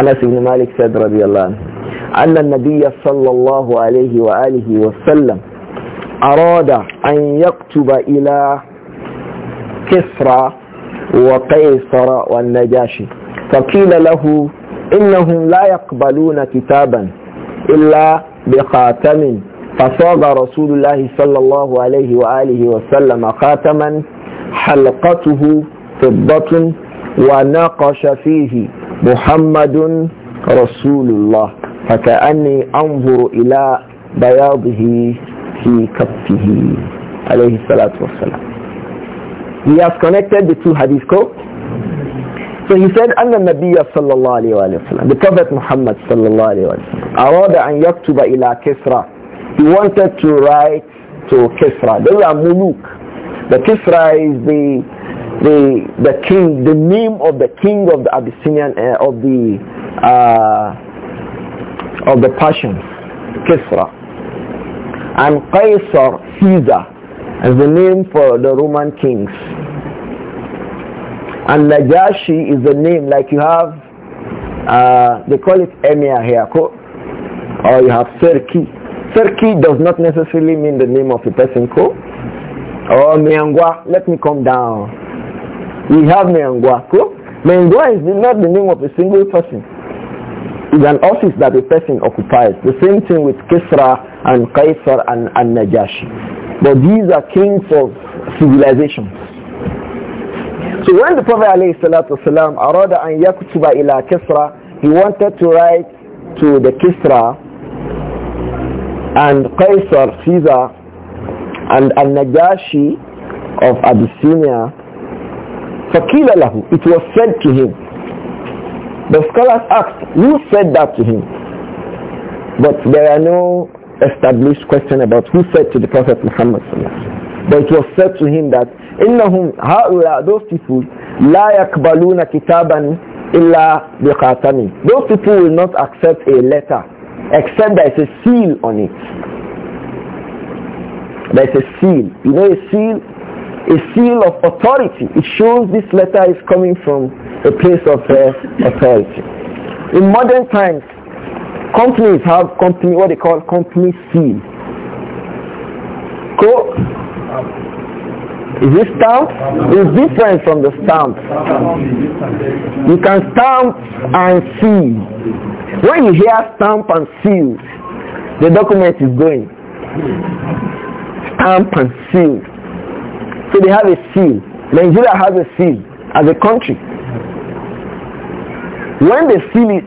أنس بن مالك سيد رضي الله عنه أن النبي صلى الله عليه وآله وسلم أراد أن يكتب إلى كسرى وقيصر والنجاشي فقيل له إنهم لا يقبلون كتابا إلا بخاتم فصاغ رسول الله صلى الله عليه وآله وسلم خاتما حلقته فضة وناقش فيه محمد رسول الله فكأني أنظر إلى بياضه في كفه عليه الصلاة والسلام He has connected the two hadith quotes. So he said, أن النبي صلى الله عليه وسلم, the Prophet Muhammad صلى الله عليه وسلم, أراد أن يكتب إلى كسرى. He wanted to write to Kisra. They were Muluk. The Kisra is the the the king, the name of the king of the Abyssinian uh, of the uh, of the Persians, Kisra. And Caesar, Caesar, is the name for the Roman kings. And Najashi is the name like you have, uh, they call it Emir here, or you have Serki. Serki does not necessarily mean the name of a person, ko. Oh, Miangwa, let me come down. We have Miangwa, ko. Mengwa is not the name of a single person is an office that a person occupies. The same thing with Kisra and Kaisar and, and Najash. But these are kings of civilizations. So when the Prophet والسلام, arada an yakutuba ila Kisra, he wanted to write to the Kisra and Kaisar, Caesar, and Al-Najashi of Abyssinia, فَقِيلَ لَهُ It was said to him, the scholars asked, who said that to him? But there are no established question about who said to the Prophet Muhammad But it was said to him that إِنَّهُمْ هَؤُلَاء Those people لَا يَقْبَلُونَ كِتَابًا إِلَّا بِخَاتَمِ Those people will not accept a letter except there is a seal on it. There is a seal. You know a seal a seal of authority. It shows this letter is coming from a place of uh, authority. In modern times, companies have company what they call company seal. Co is this stamp? It's different from the stamp. You can stamp and seal. When you hear stamp and seal, the document is going. Stamp and seal. So they have a seal. Nigeria has a seal as a country. When they seal it,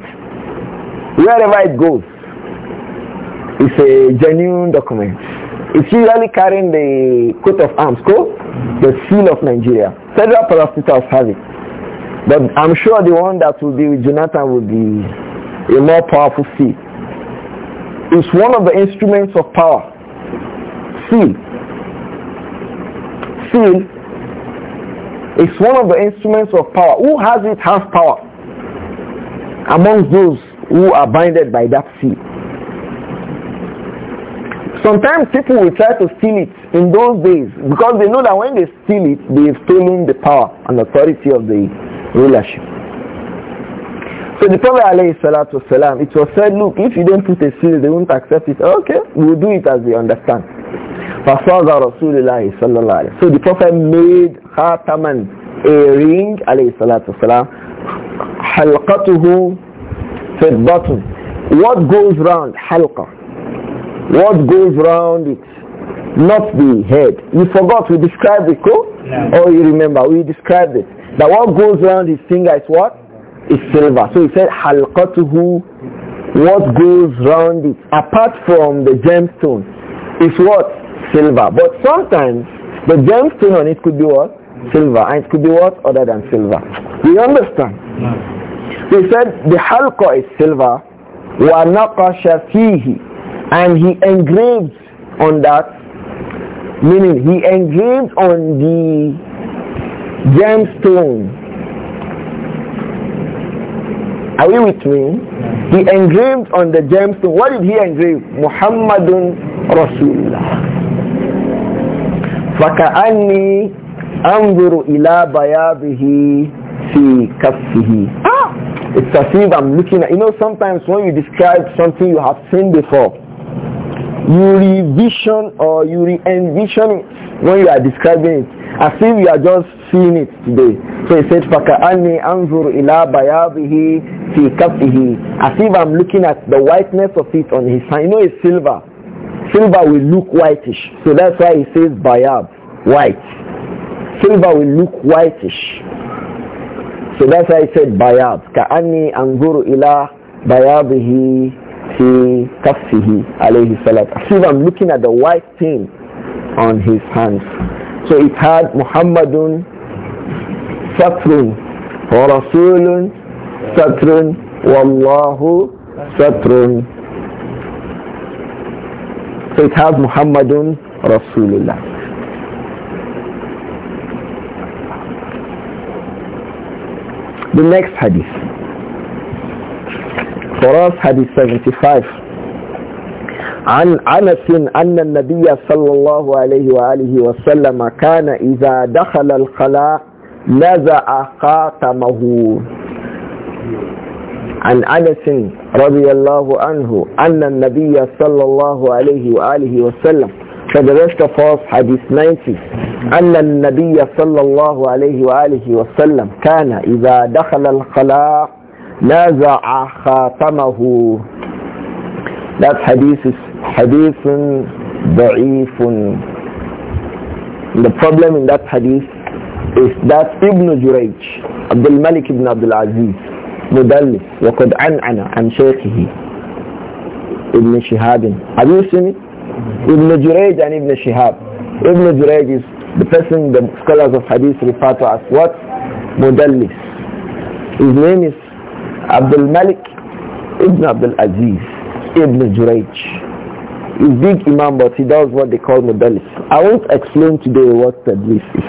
wherever it goes, it's a genuine document. It's usually carrying the coat of arms, code, the seal of Nigeria. Federal prosecutors have it. But I'm sure the one that will be with Jonathan will be a more powerful seal. It's one of the instruments of power. Seal seal is one of the instruments of power. Who has it has power among those who are binded by that seal. Sometimes people will try to steal it in those days because they know that when they steal it, they have stolen the power and authority of the rulership. So the Prophet والسلام, it was said, look, if you don't put a seal, they won't accept it. Okay, we'll do it as they understand. So the Prophet made khataman, a ring, عليه الصلاة والسلام, حلقته في What goes round? Halqa. What goes round it? Not the head. You forgot we described it, cool? No. Or oh, you remember, we described it. That what goes round his finger is what? is silver. So he said, halqatuhu, what goes round it, apart from the gemstone, is what? Silver. But sometimes the gemstone on it could be what? Silver. And it could be what? Other than silver. We understand? No. He said, the halqa is silver, wa naqasha and he engraved on that, meaning he engraved on the gemstone are you with me? He engraved on the gemstone. What did he engrave? Muhammadun Rasulullah. فكأني أنظر إلى بياضه في كفه. Ah, it's as if I'm looking at, you know, sometimes when you describe something you have seen before, you revision or you re-envision it when you are describing it as if you are just seeing it today. So he said, فَكَأَنِّي أَنْظُرُ إِلَىٰ بَيَابِهِ فِي كَفِهِ As if I'm looking at the whiteness of it on his hand. You know it's silver. Silver will look whitish. So that's why he says bayab, white. Silver will look whitish. So that's why he said bayab. كَأَنِّي أَنْظُرُ إِلَىٰ بَيَابِهِ فِي كَفِهِ alayhi salat. As if I'm looking at the white thing on his hands. So it had Muhammadun Satrun or Rasulun Satrun Wallahu Satrun. So it has Muhammadun Rasulullah. The next hadith. For us, hadith 75. عن أنس أن النبي صلى الله عليه وآله وسلم كان إذا دخل الخلاء نزع خاتمه عن أنس رضي الله عنه أن النبي صلى الله عليه وآله وسلم فدرست فاص حديث 90 أن النبي صلى الله عليه وآله وسلم كان إذا دخل الخلاء نزع خاتمه That hadith is hadith da'ifun. The problem in that hadith is that Ibn Jurayj, Abdul Malik ibn Abdul Aziz, مدلس وقد عنعن عن شيخه ابن شهاب have you seen it? Ibn جريج and Ibn Shihab. Ibn Jurayj is the person the scholars of hadith refer to as what? مدلس his name is Abdul Malik ibn Abdul Aziz. Ibn Jurayj is big imam but he does what they call modellis. I won't explain today what tadlis is.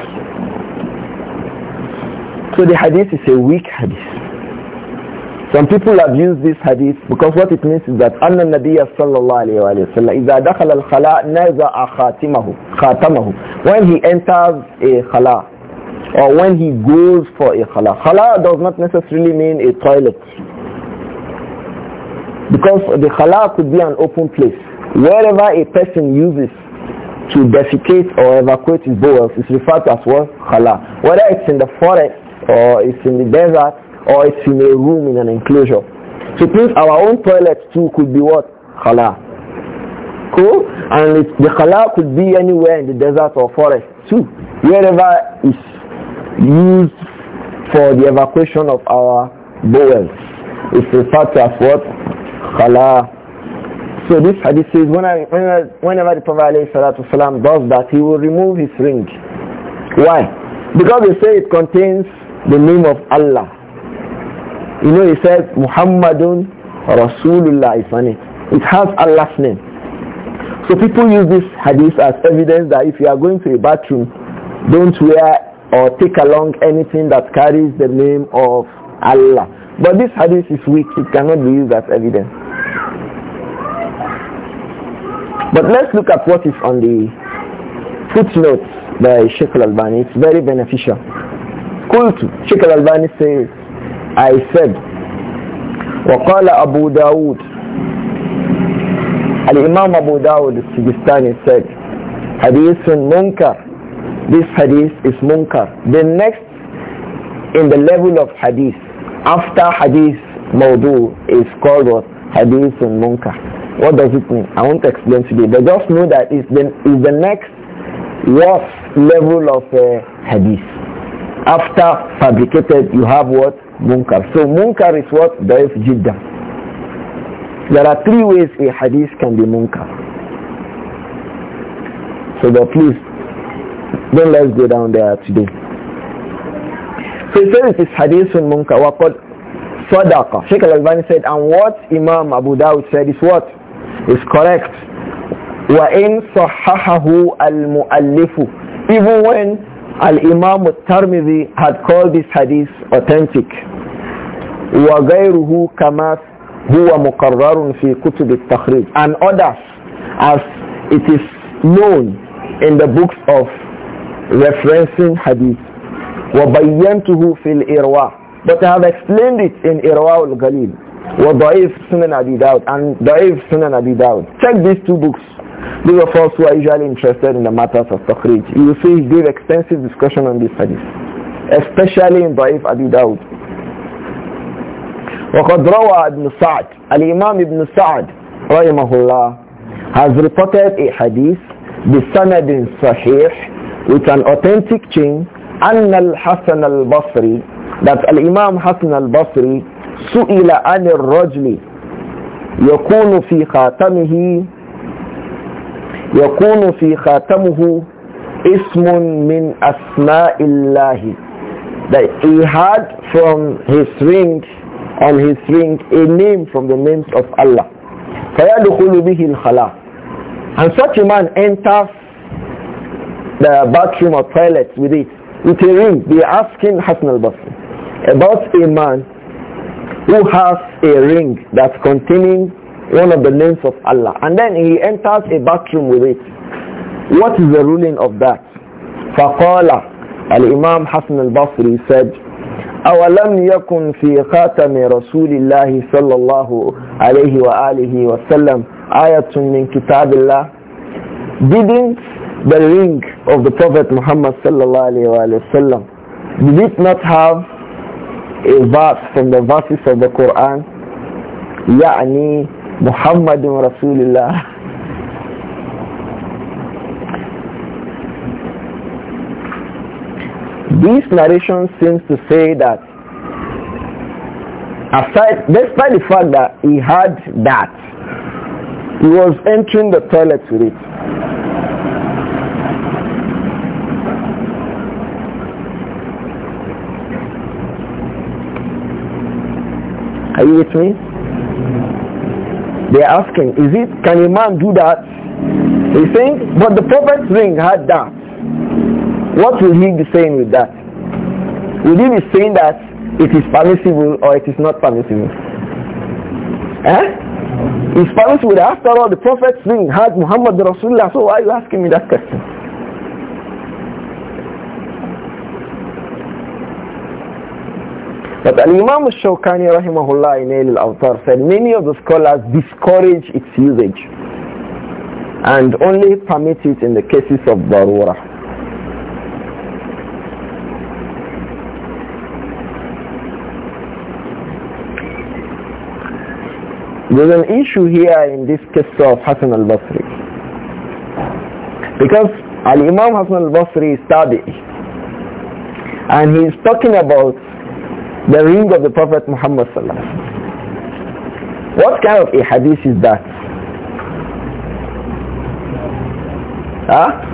So the hadith is a weak hadith. Some people abuse this hadith because what it means is that أن النبي صلى الله عليه وسلم إذا دخل الخلاء نزع خاتمه خاتمه when he enters a خلاء or when he goes for a khala. Khala does not necessarily mean a toilet because the khala could be an open place. Wherever a person uses to defecate or evacuate his bowels is referred to as what? Khala. Whether it's in the forest or it's in the desert or it's in a room in an enclosure. So please, our own toilet too could be what? Khala. Cool? And the khala could be anywhere in the desert or forest too. Wherever is used for the evacuation of our bowels. It's referred to as what? Khala. So this hadith says whenever, the Prophet ﷺ does that, he will remove his ring. Why? Because they say it contains the name of Allah. You know, he says Muhammadun Rasulullah is on it. It has Allah's name. So people use this hadith as evidence that if you are going to a bathroom, don't wear or take along anything that carries the name of Allah. But this hadith is weak. It cannot be used as evidence. But let's look at what is on the footnotes by Sheikh al-Albani. It's very beneficial. قلت Sheikh al-Albani says I said وقال أبو داود الإمام أبو داود السجستاني said حديث منكر this hadith is munkar the next in the level of hadith after hadith mawdu is called what hadith munkar what does it mean? I won't explain today, but just know that it's the, it's the next worst level of uh, hadith. After fabricated, you have what? Munkar. So munkar is what? Daif jiddah. There are three ways a hadith can be munkar. So but please, don't let's go down there today. So it says it's hadithun munkar. called صدقة. Sheikh al-Albani said, and what Imam Abu Dawud said is what? is correct. وَإِن صَحَّحَهُ الْمُؤَلِّفُ Even when Al-Imam al-Tirmidhi had called this hadith authentic. وَغَيْرُهُ كَمَا هُوَ مُقَرَّرٌ فِي كُتُبِ التَّخْرِيجِ And others, as it is known in the books of referencing hadith. وَبَيَّنْتُهُ فِي الْإِرْوَى But I have explained it in Irwa al-Ghalib wa Da'if Sunan Abi Dawud and Da'if Sunan Abi Dawud. Check these two books. Those of us who are usually interested in the matters of Takhrij, you will see he gave extensive discussion on this hadith, especially in Da'if Abi Dawud. وقد روى ابن سعد الإمام ابن سعد رحمه الله has reported a hadith بسند صحيح with an authentic chain أن الحسن البصري that الإمام حسن البصري سئل عن الرجل يكون في خاتمه يكون في خاتمه اسم من أسماء الله that he had from his ring on his ring a name from the names of Allah فيدخل به الخلاء and such a man enters the bathroom or toilet with it with a ring they ask him Hassan al-Basri about a man who has a ring that's containing one of the names of Allah and then he enters a bathroom with it. What is the ruling of that? فقال الإمام حسن البصري said أولم يكن في خاتم رسول الله صلى الله عليه وآله وسلم آية من كتاب الله Didn't the ring of the Prophet Muhammad صلى الله عليه وآله وسلم did it not have a verse from the verses of the Quran, يعني محمد رسول الله This narration seems to say that aside, despite the fact that he had that, he was entering the toilet with it. Are you with me? They are asking, is it, can a man do that? He's saying, but the prophet's ring had that. What will he be saying with that? Will he be saying that it is permissible or it is not permissible? Eh? It's permissible. After all, the prophet's ring had Muhammad Rasulullah. So why are you asking me that question? But Al-Imam al-Shawqani rahimahullah in al-Awtar said many of the scholars discourage its usage and only permit it in the cases of Barura. There's an issue here in this case of Hassan al-Basri. Because Al-Imam Hassan al-Basri is tabi. And he's talking about the ring of the Prophet Muhammad What kind of a hadith is that? Huh?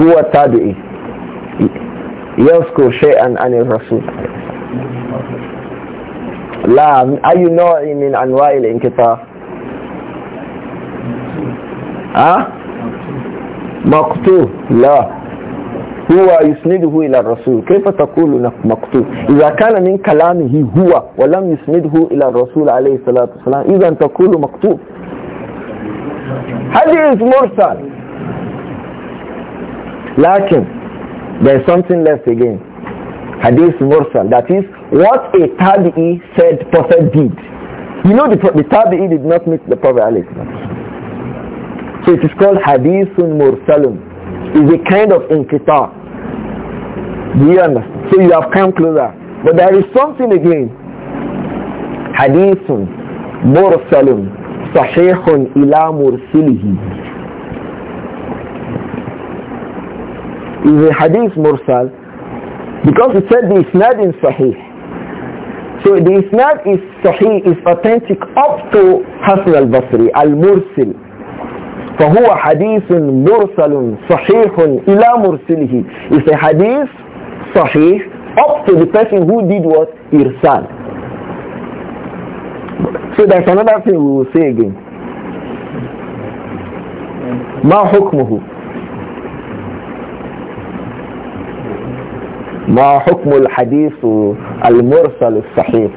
هو تابعي يذكر شيئا عن الرسول لا أي نوع من أنواع الانقطاع ها مقطوع لا هو يسنده إلى الرسول كيف تقول مكتوب إذا كان من كلامه هو ولم يسنده إلى الرسول عليه الصلاة والسلام إذا تقول مقتول حديث مرسل لكن there is something left again حديث مرسل that is what a tabi'i said prophet did you know the, the tabi'i did not meet the prophet عليه الصلاه والسلام so it is called حديث mursalun is a kind of inkitar. Do you understand? So you have come closer. But there is something again. Hadithun, mursalun, sahihun ila mursilihi. Is a hadith mursal because it said the isnad is sahih. So the isnad is sahih, is authentic up to Hassan al-Basri, al-Mursil. فهو حديث مرسل صحيح إلى مرسله It's a حديث صحيح up to the person who did what إرسال So there's another thing we will say again ما حكمه ما حكم الحديث المرسل الصحيح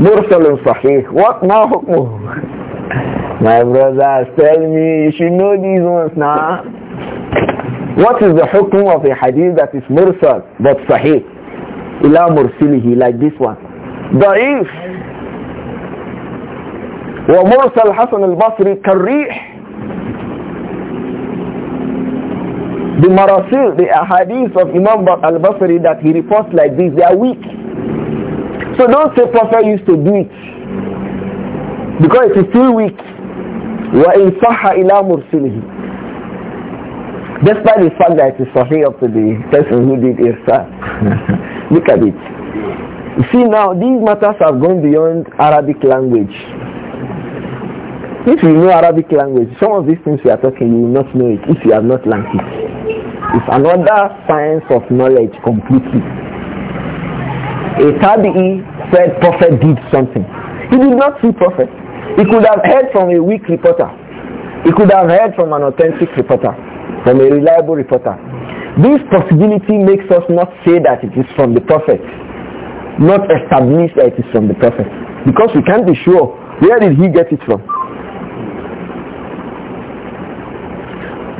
مرسل صحيح ما حكمه My brothers, tell me, you should know these ones now. What is the hukum of a hadith that is mursal, but sahih? Ila mursilihi, like this one. Da'if. Wa mursal Hasan al-Basri karrih. The marasil, the hadith of Imam al-Basri that he reports like this, they are weak. So don't say Prophet used to do it because it is still weak وَإِنْ صَحَّ إِلَى مُرْسِلِهِ despite the fact that it is sahih to the person who did irsa look at it you see now these matters have gone beyond Arabic language if you know Arabic language some of these things we are talking you will not know it if you have not learned it it's another science of knowledge completely a tabi'i said prophet did something he did not see prophet he could have heard from a weak reporter. He could have heard from an authentic reporter, from a reliable reporter. This possibility makes us not say that it is from the prophet, not establish that it is from the prophet, because we can't be sure where did he get it from.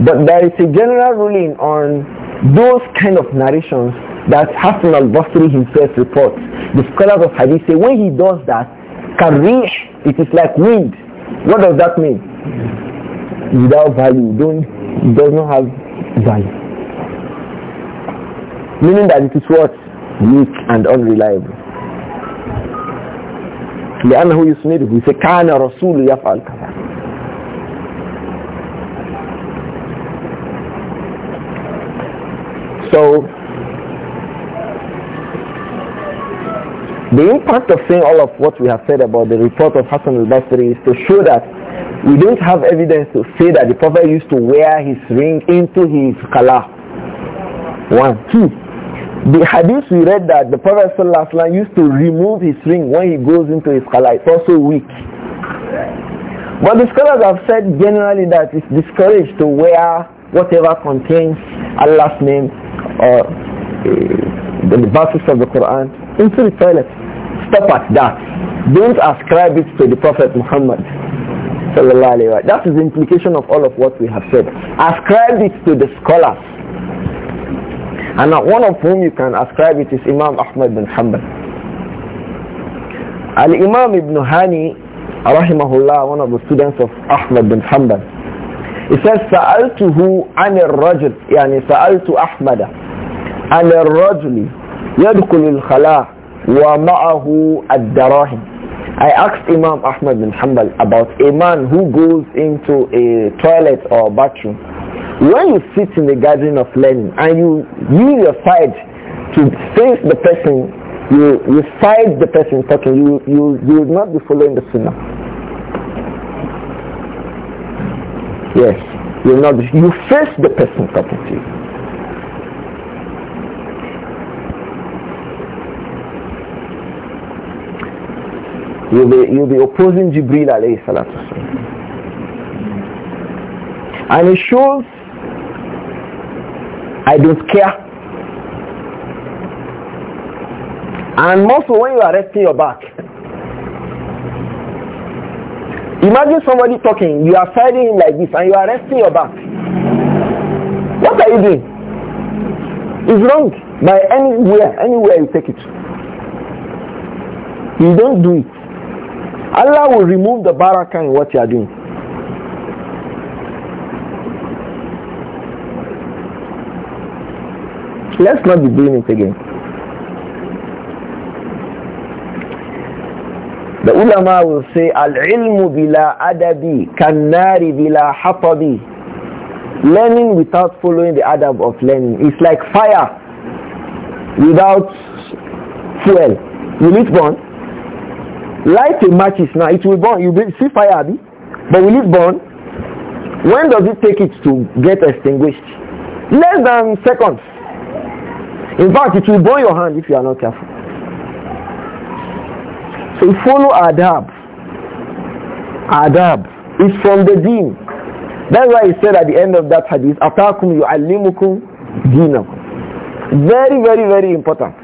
But there is a general ruling on those kind of narrations that Hassan al-Basri himself reports. The scholars of hadith say when he does that, Karih, it is like wind. What does that mean? Without value, don't does not have value. Meaning that it is what? Weak and unreliable. لأنه يسنده إذا كان رسول يفعل كذا So The impact of saying all of what we have said about the report of Hassan al-Basri is to show that we don't have evidence to say that the Prophet used to wear his ring into his kala. One. Two. The hadith we read that the Prophet used to remove his ring when he goes into his kala. It's also weak. But the scholars have said generally that it's discouraged to wear whatever contains Allah's name or uh, the verses of the Quran into the toilet. Stop at that. Don't ascribe it to the Prophet Muhammad. That is the implication of all of what we have said. Ascribe it to the scholars. And one of whom you can ascribe it is Imam Ahmad bin Hanbal. Al-Imam ibn Hani, rahimahullah, one of the students of Ahmad bin Hanbal, he says, سألته عن الرجل, يعني سألت أحمد عن الرجل يدخل الخلاء وَمَعَهُ الدَّرَاهِمْ I asked Imam Ahmad bin Hanbal about a man who goes into a toilet or bathroom. When you sit in the garden of learning and you use your side to face the person, you, you side the person talking, you, you, you will not be following the sunnah. Yes, you will not. Be, you face the person talking to you. You'll be, you'll be opposing Jibril alayhi salatu And it shows, I don't care. And also, when you are resting your back. Imagine somebody talking, you are siding him like this and you are resting your back. What are you doing? It's wrong. By anywhere, anywhere you take it. You don't do it. Allah will remove the barakah in what you are doing. Let's not be doing it again. The ulama will say, Al-ilmu bila adabi, kannari bila hatabi. Learning without following the adab of learning. It's like fire without fuel. Will it burn? Light a match is now, it will burn. You see fire, But will it burn? When does it take it to get extinguished? Less than seconds. In fact, it will burn your hand if you are not careful. So follow adab. Adab is from the deen. That's why he said at the end of that hadith, Atakum yu'allimukum dinakum. Very, very, very important.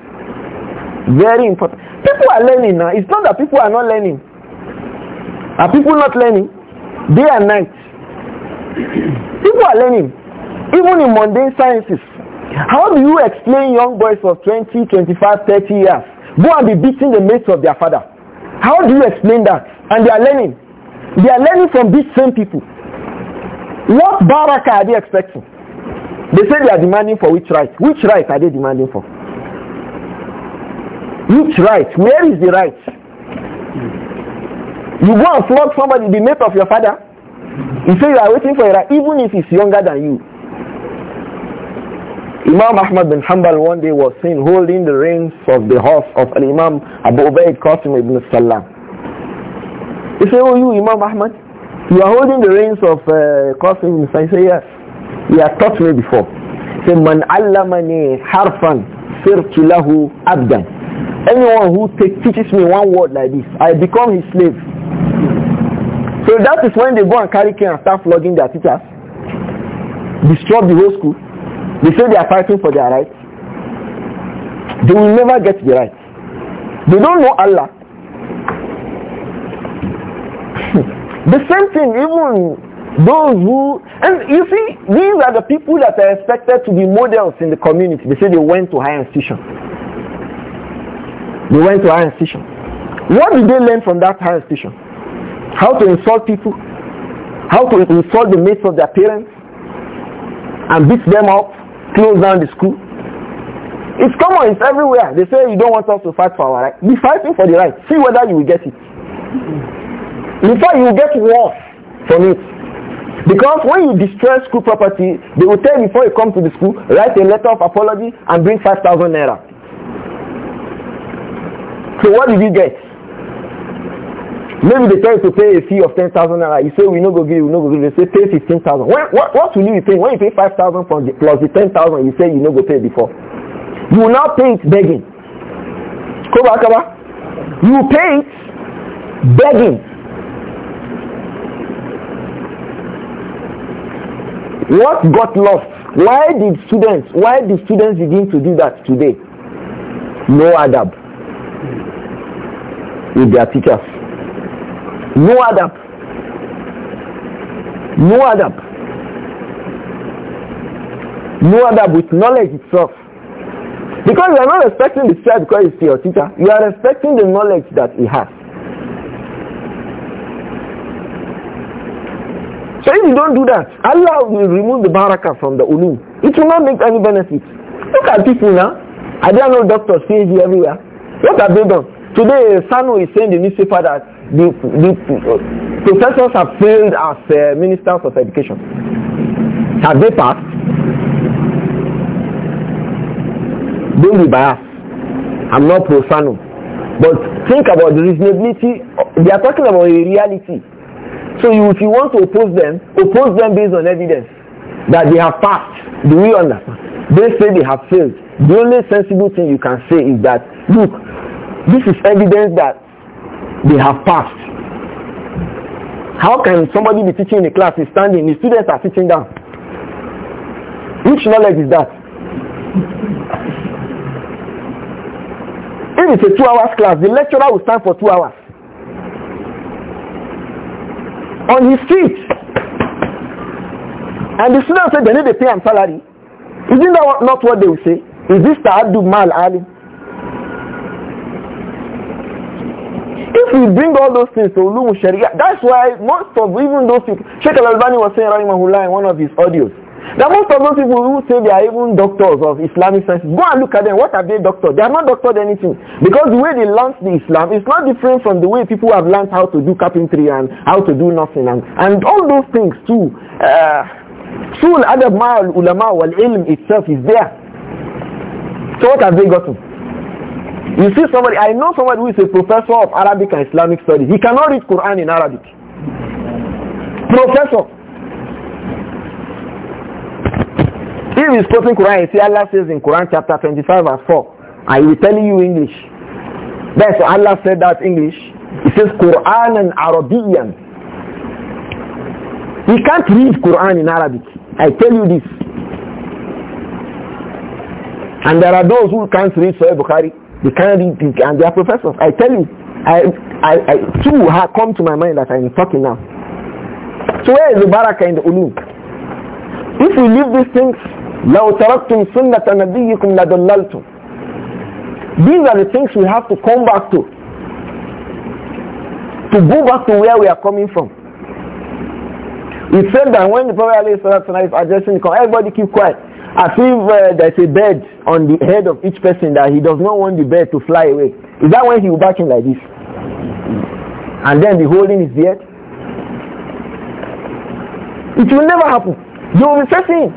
Very important people are learning now. It's not that people are not learning. Are people not learning? Day and night. People are learning. Even in mundane sciences. How do you explain young boys of 20, 25, 30 years go and be beating the mates of their father? How do you explain that? And they are learning. They are learning from these same people. What baraka are they expecting? They say they are demanding for which right? Which right are they demanding for? Which right? Where is the right? You go and flog somebody, the mate of your father. You say you are waiting for a right, even if he's younger than you. Imam Ahmad bin Hanbal one day was seen holding the reins of the horse of Imam Abu Ubaid Qasim ibn Salam. He said, oh you Imam Ahmad, you are holding the reins of uh, Qasim ibn Salam. He said, yes, he had taught me before. He said, man allamani harfan sirtu lahu abdan. Anyone who take, teaches me one word like this, I become his slave. So that is when they go and carry cane and start flogging their teachers, disturb the whole school. They say they are fighting for their rights. They will never get the right. They don't know Allah. the same thing, even those who and you see these are the people that are expected to be models in the community they say they went to higher institutions they went to iron station. What did they learn from that iron station? How to insult people, how to insult the mates of their parents, and beat them up, close down the school. It's common, it's everywhere. They say you don't want us to fight for our right. Be fighting for the right. See whether you will get it. In fact, you will get worse from it. Because when you destroy school property, they will tell you before you come to the school, write a letter of apology and bring 5,000 naira. So what did you get? Maybe they tell you to pay a fee of 10,000 naira. You say, we no go give you, we no go give you. They say, pay 15,000. What, what will you be paying? When you pay 5,000 plus the 10,000, you say you no go pay before. You will not pay it begging. come back. You pay it begging. What got lost? Why did students, why did students begin to do that today? No adab with their teachers. No adab. No adab. No adab with knowledge itself. Because you are not respecting the child because he's your teacher. You are respecting the knowledge that he has. So if you don't do that, Allah will remove the barakah from the ulu. It will not make any benefit. Look at people now. Are there no doctors PhD everywhere? What have they done? Today, Sanu is saying the newspaper that the, the professors have failed as uh, ministers of education. Have they passed? Don't be biased. I'm not pro Sanu, But think about the reasonability. They are talking about a reality. So you, if you want to oppose them, oppose them based on evidence that they have passed. Do we understand? They say they have failed. The only sensible thing you can say is that, look, this is evidence that they have passed. How can somebody be teaching in a class is standing, the students are sitting down? Which knowledge is that? If it's a two hours class, the lecturer will stand for two hours. On his feet. And the students say they need to pay him salary. Isn't that not what they will say? Is this Ta'addu Mal Ali? If we bring all those things to Ulum Sharia, that's why most of even those people, Sheikh Al-Albani was saying Rahimahullah in one of his audios, that most of those people who say they are even doctors of Islamic sciences, go and look at them. What are they doctors? They are not doctored anything. Because the way they learned the Islam is not different from the way people have learned how to do carpentry and how to do nothing and, and all those things too. Uh, Soon, Adab Ma'al Ulama wal Ilm itself is there. So what have they gotten? You see somebody, I know somebody who is a professor of Arabic and Islamic studies. He cannot read Quran in Arabic. Professor. If he's quoting Quran, See, Allah says in Quran chapter 25 verse 4, I will tell you English. That's Allah said that English. He says Quran and Arabian. He can't read Quran in Arabic. I tell you this. And there are those who can't read Sahih Bukhari. They can't read and they are professors. I tell you, I, I, I two have come to my mind that I'm talking now. So where is the barakah in the ulum? If we leave these things, لو تركتم سنة نبيكم لضللتم. These are the things we have to come back to. To go back to where we are coming from. We said that when the Prophet ﷺ is addressing the everybody keep quiet. As if uh, there's a bed on the head of each person that he does not want the bird to fly away. Is that when he will back him like this? And then be holding his beard? It will never happen. You will be facing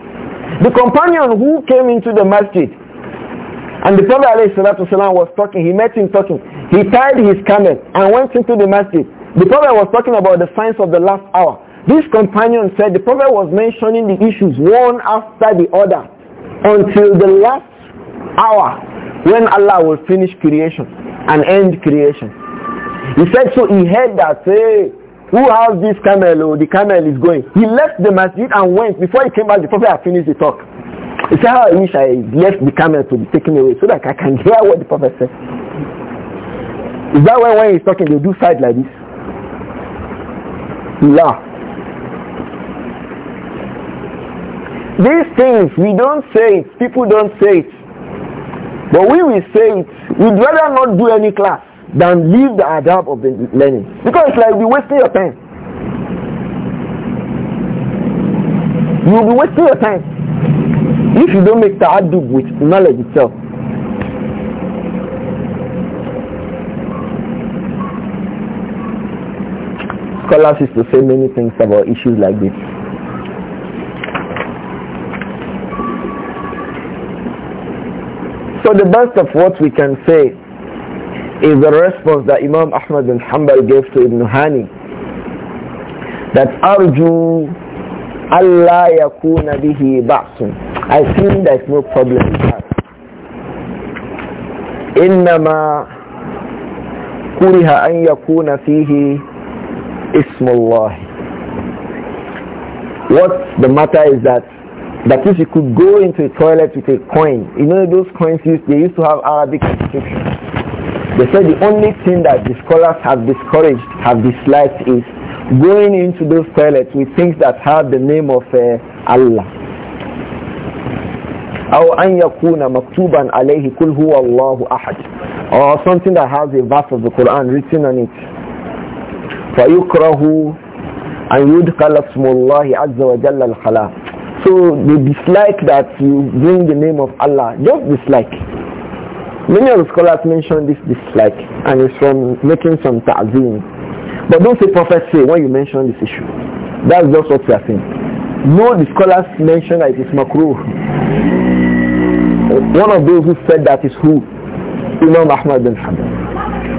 the companion who came into the masjid and the Prophet was talking, he met him talking. He tied his camel and went into the masjid. The Prophet was talking about the signs of the last hour. This companion said the Prophet was mentioning the issues one after the other until the last hour when Allah will finish creation and end creation. He said, so he heard that, hey, who has this camel? Oh, the camel is going. He left the masjid and went. Before he came back, the prophet had finished the talk. He said, how ah, I wish I left the camel to be taken away so that I can hear what the prophet said. Is that why when he's talking, they do side like this? La. These things, we don't say it. People don't say it. But we will say it, we'd rather not do any class than leave the adab of the learning. Because it's like you're wasting your time. You'll be wasting your time if you don't make the ta'addub with knowledge itself. Scholars used to say many things about issues like this. So the best of what we can say is the response that Imam Ahmad bin Hanbal gave to Ibn Hani that arju Allah yakuna bihi ba'sun I think there's no problem with that إنما كره أن يكون فيه اسم الله What the matter is that that if you could go into a toilet with a coin. You know those coins used, they used to have Arabic inscriptions. They said the only thing that the scholars have discouraged, have disliked is going into those toilets with things that have the name of uh, Allah. أو أن يكون مكتوبا عليه كل هو الله أحد or something that has a verse of the Quran written on it فيكره أن يدخل اسم الله عز وجل الخلاء so they dislike that you bring the name of Allah. Just dislike. Many of the scholars mention this dislike and it's from making some ta'zim. But don't say prophet say when you mention this issue. That's just what they are saying. No, the scholars mention that it is makruh. One of those who said that is who? Imam Ahmad bin Hanbal.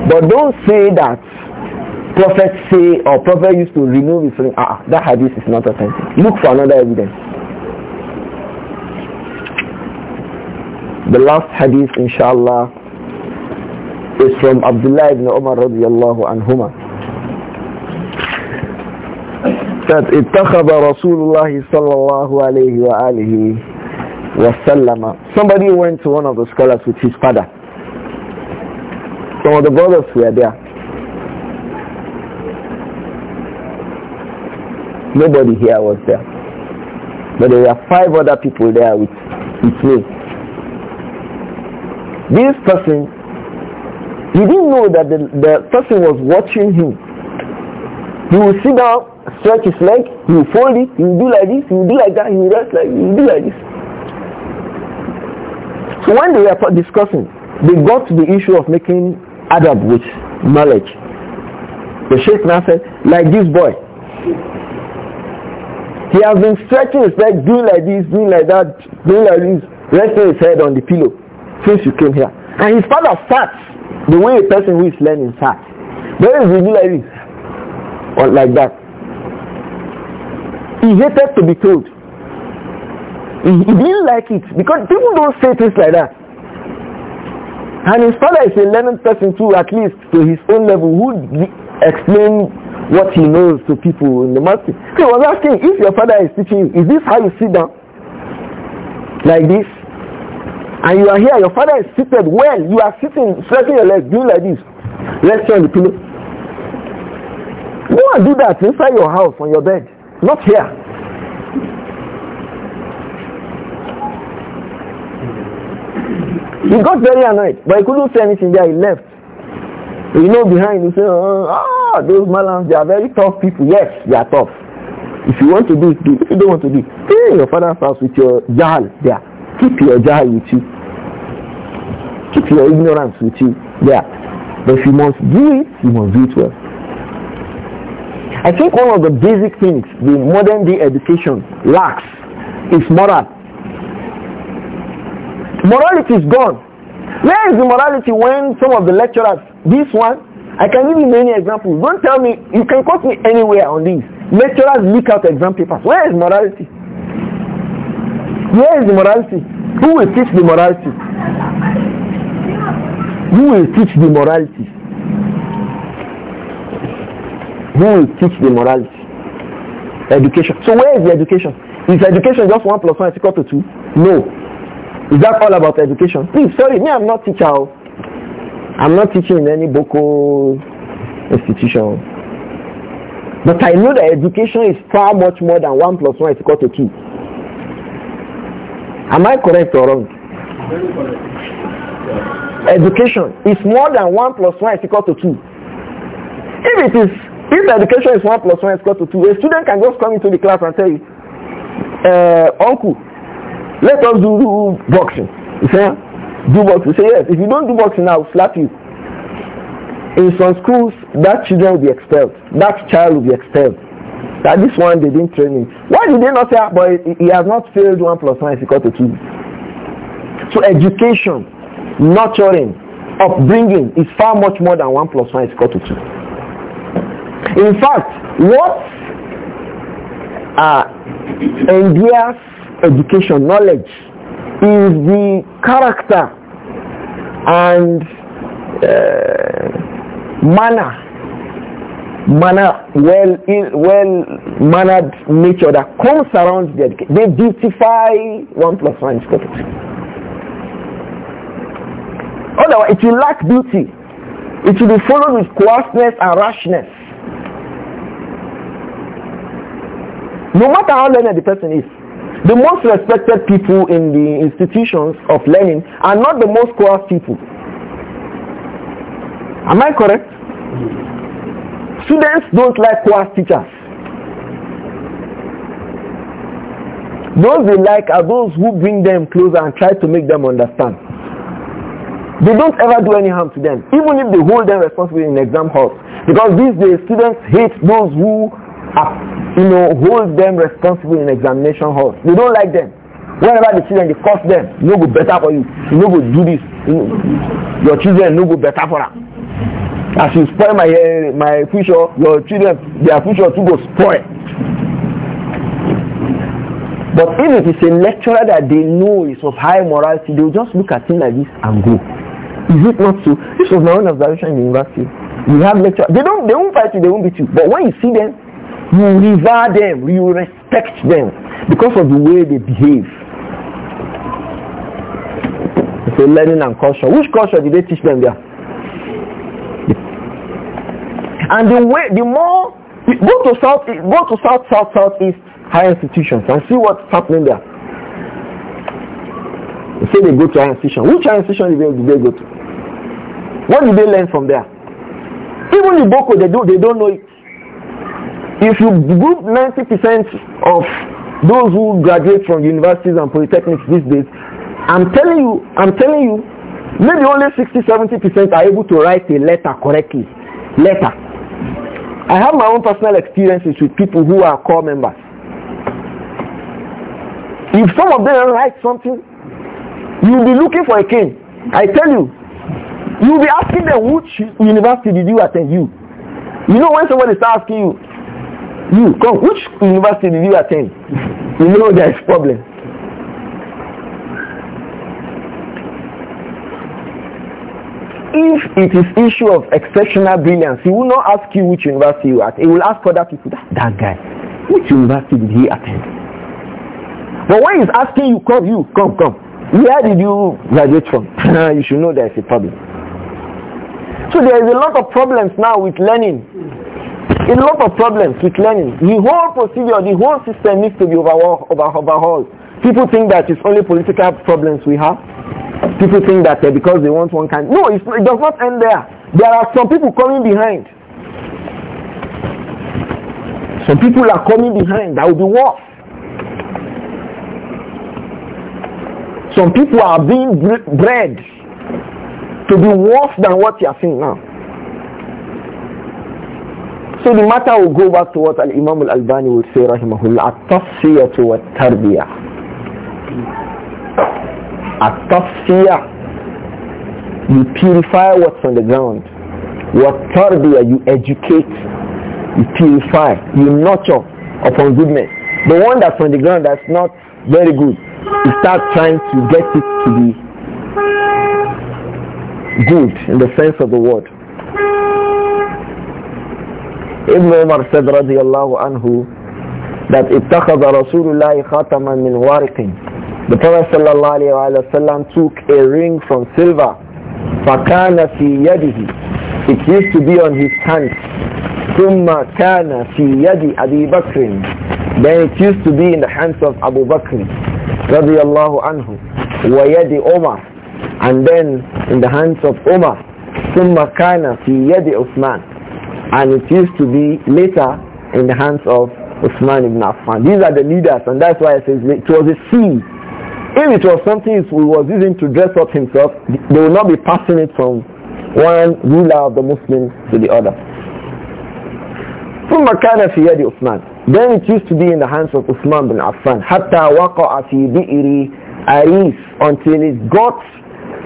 But don't say that prophet say or prophet used to remove his ring. Ah, ah that hadith is not authentic. Look for another evidence. The last hadith, inshallah, is from Abdullah ibn Umar radiallahu anhuma. That ittakhaba Rasulullah sallallahu صلى الله Somebody went to one of the scholars with his father. Some of the brothers were there. Nobody here was there. But there were five other people there with, with me. This person, he didn't know that the, the person was watching him. He will sit down, stretch his leg, he will fold it, he will do like this, he will do like that, he will rest like he will do like this. So when they were discussing, they got to the issue of making adab with knowledge. The Sheikh now said, like this boy. He has been stretching his leg, doing like this, doing like that, doing like this, resting his head on the pillow since you came here. And his father starts the way a person who is learning starts. very regularly, like or like that. He hated to be told. He, he didn't like it because people don't say things like that. And his father is a learned person too, at least to his own level, who explain what he knows to people in the So He was asking, if your father is teaching you, is this how you sit down? Like this? and you are here, your father is seated well, you are sitting, stretching your legs, doing like this, Let's on the pillow. Go and do that inside your house, on your bed, not here. He got very annoyed, but he couldn't say anything there, he left. You know behind, you say, ah, ah, those malams, they are very tough people. Yes, they are tough. If you want to do it, do If you don't want to do it, stay in your father's house with your jahal there. Keep your jaw with you. Keep your ignorance with you Yeah, But if you must do it, you must do it well. I think one of the basic things the modern day education lacks is moral. Morality is gone. Where is the morality when some of the lecturers, this one, I can give you many examples. Don't tell me, you can quote me anywhere on this. Lecturers leak out exam papers. Where is morality? Where is the morality? Who will teach the morality? Who will teach the morality? Who will teach the morality? Education. So where is the education? Is education just one plus one is equal to two? No. Is that all about education? Please, sorry, me, I'm not teacher. Oh. I'm not teaching in any Boko institution. Oh. But I know that education is far much more than one plus one is equal to two. Am I correct or wrong? Education is more than 1 plus 1 is equal to 2. If it is, if education is 1 plus 1 is equal to 2, a student can just come into the class and tell you, uh, uncle, let us do, do boxing. You say, ah, do boxing. You say, yes, if you don't do boxing, I'll slap you. In some schools, that children will be expelled. That child will be expelled. That this one they didn't train him. Why did they not say, ah, but he has not failed one plus one is equal to two? So education, nurturing, upbringing is far much more than one plus one is equal to two. In fact, what uh, endears education, knowledge, is the character and uh, manner manner, well, well mannered nature that comes around the education. They beautify one plus one is perfect. Otherwise, it will lack beauty. It will be followed with coarseness and rashness. No matter how learned the person is, the most respected people in the institutions of learning are not the most coarse people. Am I correct? Students don't like coarse teachers. Those they like are those who bring them closer and try to make them understand. They don't ever do any harm to them, even if they hold them responsible in exam halls. Because these days, students hate those who are, you know, hold them responsible in examination halls. They don't like them. Whenever the children, discuss curse them. No go better for you. No go do this. You know, your children no go better for them. As you spoil my uh, my future, your children, their future too go spoil. But if it is a lecturer that they know is of high morality, they'll just look at him like this and go. Is it not so? This was my own observation in the university. You have lecture. They don't they won't fight you, they won't beat you. But when you see them, you revere them, you respect them because of the way they behave. It's a learning and culture. Which culture did they teach them there? And the way, the more, go to south, go to south, south, southeast higher institutions and see what's happening there. Say they go to higher institution. Which higher institution do they, they go to? What do they learn from there? Even in Boko, they, do, they don't know it. If you group 90% of those who graduate from universities and polytechnics these days, I'm telling you, I'm telling you, maybe only 60-70% are able to write a letter correctly. Letter. I have my own personal experiences with people who are core members. If some of them write something, you'll be looking for a cane. I tell you, you'll be asking them which university did you attend? You. You know when somebody starts asking you, you, come, which university did you attend? You know there is problem. If it is issue of exceptional brilliance, he will not ask you which university you at. He will ask other people, that, that guy, which university did he attend? But when he's asking you, come, you, come, come. Where did you graduate from? you should know there's a problem. So there is a lot of problems now with learning. A lot of problems with learning. The whole procedure, the whole system needs to be overhauled. People think that it's only political problems we have. People think that eh, because they want one kind. No, it does not end there. There are some people coming behind. Some people are coming behind. That will be worse. Some people are being bred to be worse than what you are seeing now. So the matter will go back to what imam Al-Albani would say, rahimahullah, at-tasfiyatu wa-tarbiyah. Atafiyah, you purify what's on the ground. What tarbiya, you educate, you purify, you nurture upon goodness. The one that's on the ground that's not very good, you start trying to get it to be good in the sense of the word. Ibn Umar said radiallahu anhu that اتخذ رسول الله خاتما من ورق the Prophet ﷺ took a ring from silver, فَكَانَ فِي يَدِهِ It used to be on his hand. ثُمَّ كَانَ فِي يَدِ أَبِي بَكْرٍ Then it used to be in the hands of Abu Bakr رضي الله عنه ويد عمر and then in the hands of Umar ثُمَّ كَانَ فِي يَدِ عثمان and it used to be later in the hands of Uthman ibn Affan. These are the leaders and that's why it says it was a sea if it was something he was using to dress up himself, they will not be passing it from one ruler of the Muslims to the other. ثم كان في يد عثمان then it used to be in the hands of Uthman bin Affan حتى وقع في بئر Aris until it got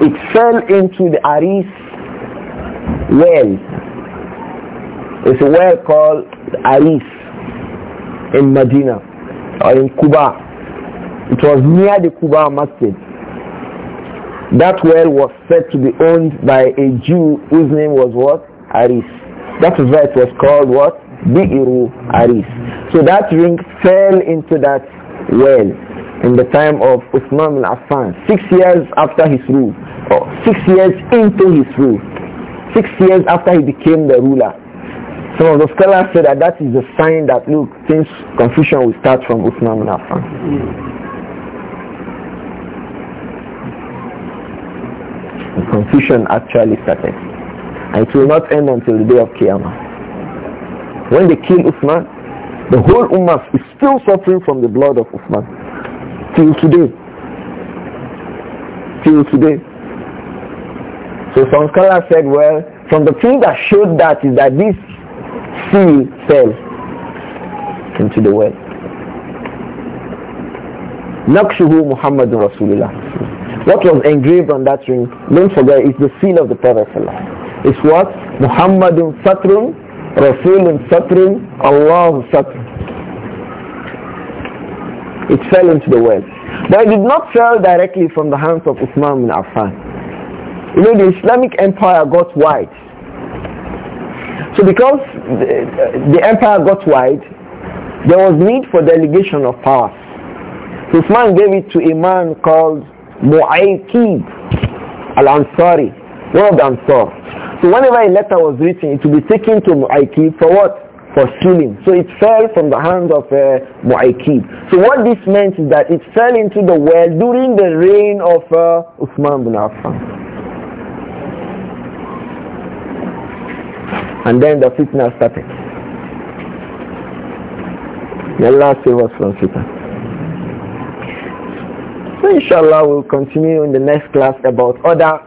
it fell into the Aris well it's a well called Aris in Medina or in Kuba it was near the Kuba Masjid. That well was said to be owned by a Jew whose name was what? Aris. That why was called what? Bi'iru Aris. So that ring fell into that well in the time of Uthman al-Affan, six years after his rule, or six years into his rule, six years after he became the ruler. Some of the scholars say that that is a sign that, look, since confusion will start from Uthman al-Affan. confusion actually started. And it will not end until the day of Qiyamah. When they kill Uthman, the whole Ummah is still suffering from the blood of Uthman. Till today. Till today. So some scholars said, well, from the thing that showed that is that this seal fell into the well. نقشه Muhammad Rasulillah. What was engraved on that ring, don't forget, is the seal of the Prophet It's what? Muhammadun Satrun, Rasulun Satrun, Allahu Satrun. It fell into the well. But it did not fall directly from the hands of Uthman bin Affan. You know, the Islamic empire got wide. So because the, the empire got wide, there was need for delegation of power. Uthman gave it to a man called Mu'aykib al-Ansari, one of the Ansar. So whenever a letter was written, it would be taken to Mu'aykib for what? For stealing. So it fell from the hand of uh, Mu'aykib. So what this meant is that it fell into the well during the reign of uh, Uthman bin Affan. And then the fitna started. May Allah save us from fitna. So inshallah we'll continue in the next class about other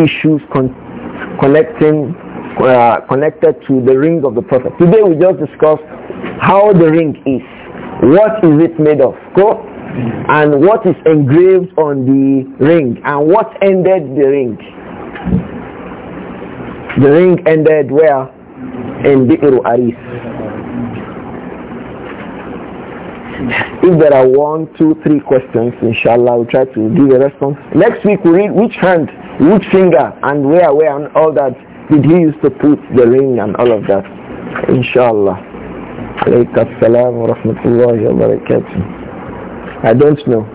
issues con connecting, uh, connected to the ring of the Prophet. Today we just discussed how the ring is. What is it made of? Go. And what is engraved on the ring? And what ended the ring? The ring ended where? In Bi'ru Aris. If there are one, two, three questions, inshallah, we'll try to give a response. Next week we read which hand, which finger, and where, where, and all that did he used to put the ring and all of that. Inshallah. Alaykum assalam wa rahmatullahi wa barakatuh. I don't know.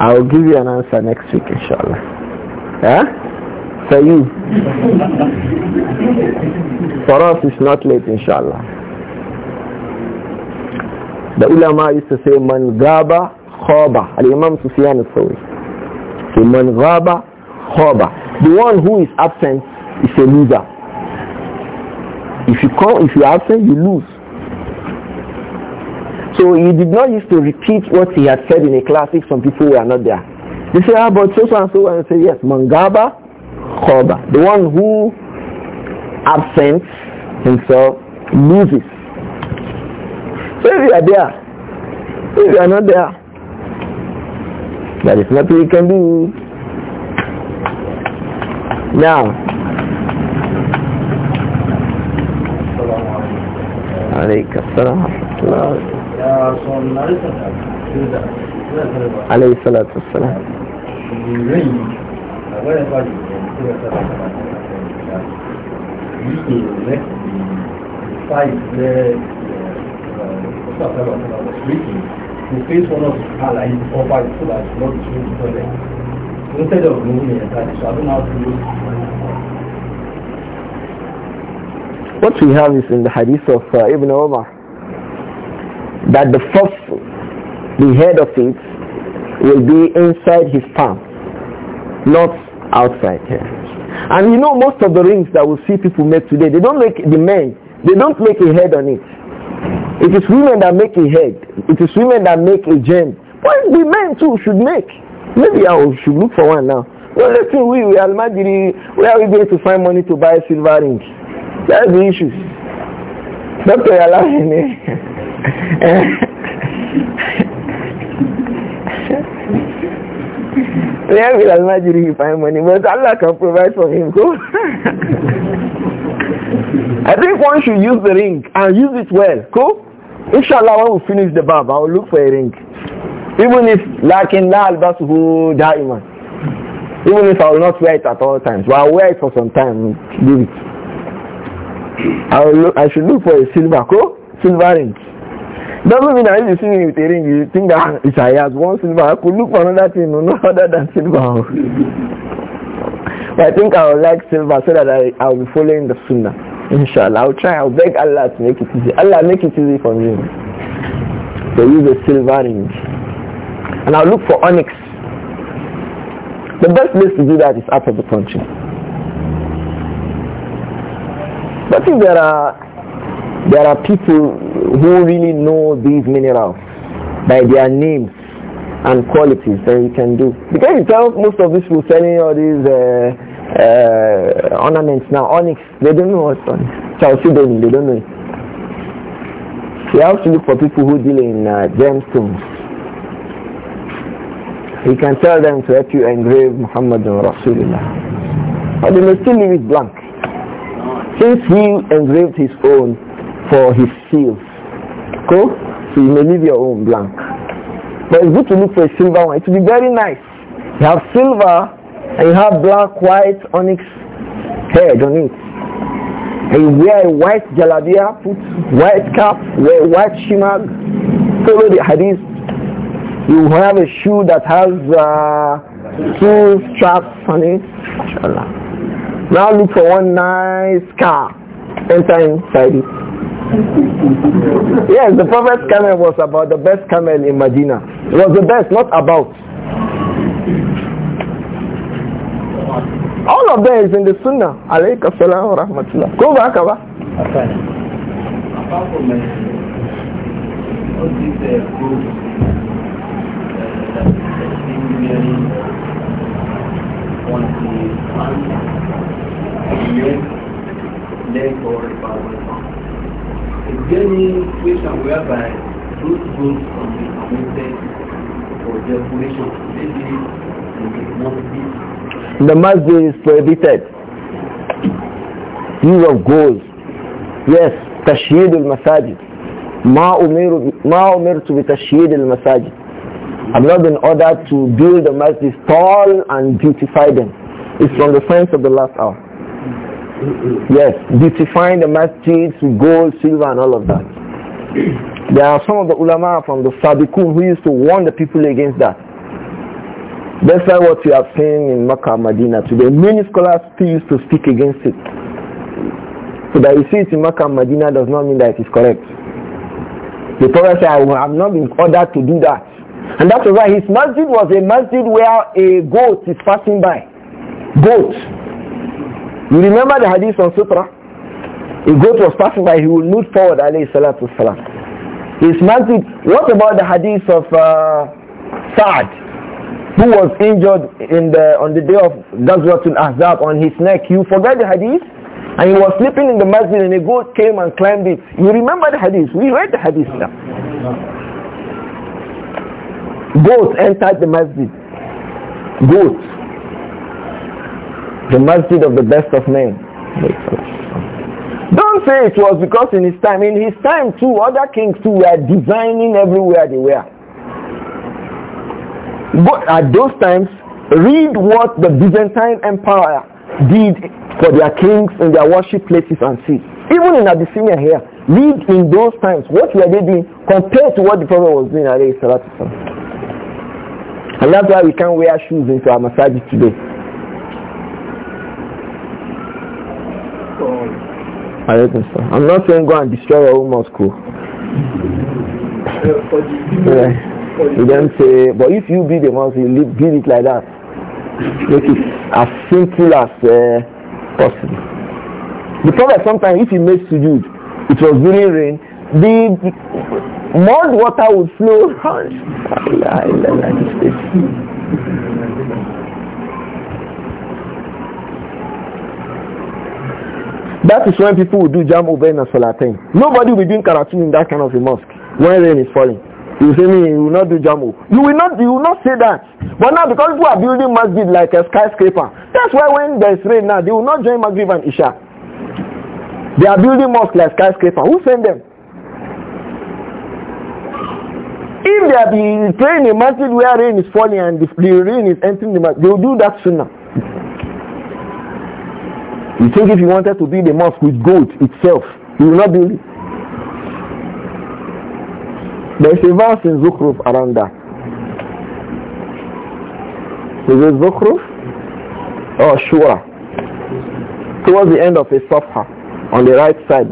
I will give you an answer next week, inshallah. Huh? For you. For us, it's not late, inshallah. The ulama used to say, Man gaba khaba. Al-Imam Sufyan al-Thawri. So man gaba The one who is absent is a loser. If you come, if you are absent, you lose. So he did not used to repeat what he had said in a class if some people were not there. They say, ah, but so and so, and say, yes, mangaba khoba. The one who absent himself loses. So if you are there, if you are not there, there is nothing you can do. Now, عليك عليه الصلاة والسلام face uh, one of the so that it's not Instead of moving it, so I don't know how to What we have is in the hadith of uh, Ibn Omar that the first, the head of it will be inside his palm, not outside here. And you know most of the rings that we see people make today, they don't make the men, they don't make a head on it. It is women that make a head. It is women that make a gem. What the men too should make? Maybe I should look for one now. Well, let's see, we, we where are we going to find money to buy silver rings? That's the issue. Dr. Yalahin, eh? where will to find money? But Allah can provide for him. cool. I think one should use the ring and use it well. Cool? Inshallah, when we finish the bab, I will look for a ring. Even if lakin la albasuhu da'iman. Even if I will not wear it at all times, but I will wear it for some time, give it. I, will look, I should look for a silver co, silver ring. Doesn't mean that if you see me with a ring, you think that ah, if I have one silver, I could look for another thing, no other than silver. but I think I will like silver so that I, I will be following the sunnah. Inshallah, I'll try. I'll beg Allah to make it easy. Allah, make it easy for me. So use a silver ring. And I'll look for onyx. The best place to do that is out of the country. But if there are there are people who really know these minerals by their names and qualities, then you can do. Because you tell most of these people selling all these uh, uh, ornaments now, onyx. They don't know what's onyx. Chalcedony, they don't know it. So you have to look for people who deal in uh, gemstones. You can tell them to help you engrave Muhammad Rasulullah. But they may still leave it blank. Since he engraved his own for his seals, cool? So you may leave your own blank. But it's good to look for a silver one. It will be very nice. You have silver and you have black, white, onyx head on it. And you wear a white jalabia, put white cap, wear white shimag, follow the hadith. You have a shoe that has uh, two straps on it. Inshallah. Now look for one nice car. Enter inside it. yes, the Prophet's camel was about the best camel in Medina. It was the best, not about. All of them is in the Sunnah. Alayka salam wa rahmatullah. Ko ba the ba? Is there any situation whereby those groups can be committed for their maybe in the the masjid is prohibited. Use of gold. Yes, تشييد المساجد. ما أمر ما أمرت بتشييد masajid I'm not in order to build the masjid tall and beautify them. It's from the signs of the last hour. Yes, beautifying the masjids with gold, silver and all of that. There are some of the ulama from the Sabiqun who used to warn the people against that. That's why what you are saying in Makkah, Medina today, many scholars still used to speak against it. So that you see it in Makkah, Medina does not mean that it is correct. The Prophet said, I have not been ordered to do that. And that is why his masjid was a masjid where a goat is passing by. Goat. You remember the hadith on Sutra? A goat was passing by, he will not forward, alayhi salatu salam. His masjid, what about the hadith of uh, Sa'd? who was injured in the, on the day of Ghazwatul Ahzab on his neck. You forget the hadith? And he was sleeping in the masjid and a goat came and climbed it. You remember the hadith? We read the hadith now. Goats entered the masjid. Goats. The masjid of the best of men. Don't say it was because in his time. In his time too, other kings too were designing everywhere they were go, at those times, read what the Byzantine Empire did for their kings in their worship places and see. Even in Abyssinia here, read in those times what were they doing compared to what the Prophet was doing at salatu And that's why we can't wear shoes into our masjid today. I'm not saying go and destroy your own mosque. Oh. yeah. He then say, but if you be the one who leave, give it like that, make it as simple as uh, possible. The sometimes, if he makes sujood, it was during rain, the, mud water would flow. that is when people would do jam over and salatain. Nobody will be doing karatu in that kind of a mosque when rain is falling. You say me, you will not do jamu. You will not, you will not say that. But now because people are building masjid like a skyscraper, that's why when there is rain now, they will not join Maghrib and Isha. They are building mosque like skyscraper. Who sent them? If they are be praying a masjid where rain is falling and the, the rain is entering the masjid, they will do that sooner. You think if you wanted to build a mosque with gold itself, you will not build it. There is a verse in Zukhruf around that. Is it Zukhruf? Or oh, Shura? Towards the end of a Safha, on the right side.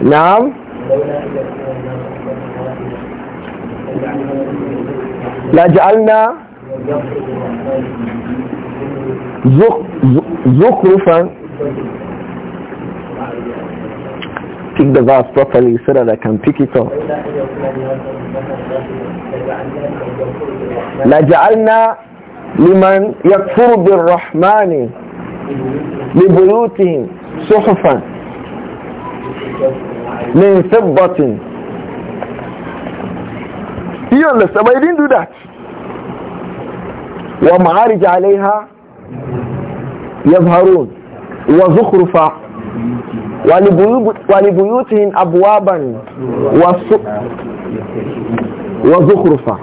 Now, لجعلنا زخرفا pick the vase properly so that I can pick it up. لجعلنا لمن يكفر بالرحمن لبيوتهم صحفا من فضة You understand? But he didn't do that. ومعارج عليها يظهرون وزخرفا ولبيوتهم أبوابا وزخرفا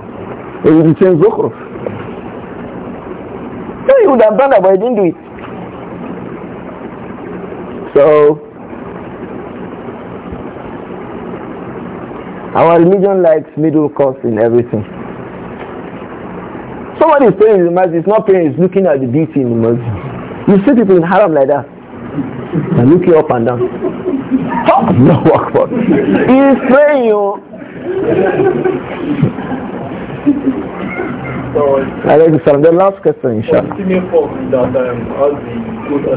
It says zukhruf. So he would have done that, but he didn't do it. So, our religion likes middle course in everything. Somebody is paying in the masjid, is not paying is looking at the beating in the masjid. You see people in haram like that. And look you up and down. no work for He's praying you. Alayhi salam. The last question, you Female folks that um, all the good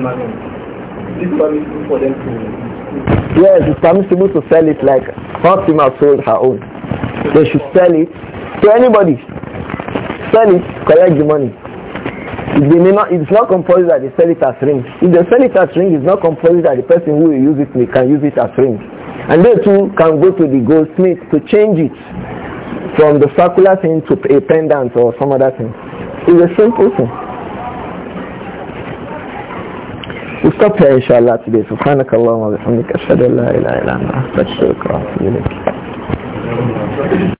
is permissible for them to? Yes, it's permissible to sell it like Fatima sold her own. They should sell it to anybody. Sell it, collect the money. They may not, it's not compulsory that they sell it as ring. If they sell it as ring, it's not compulsory that the person who will use it can use it as ring. And they too can go to the goldsmith to change it from the circular thing to a pendant or some other thing. It's a simple thing. We stop here inshallah today. سبحانك اللهم وبحمدك أشهد أن لا إله إلا أنت أستغفرك وأتوب إليك.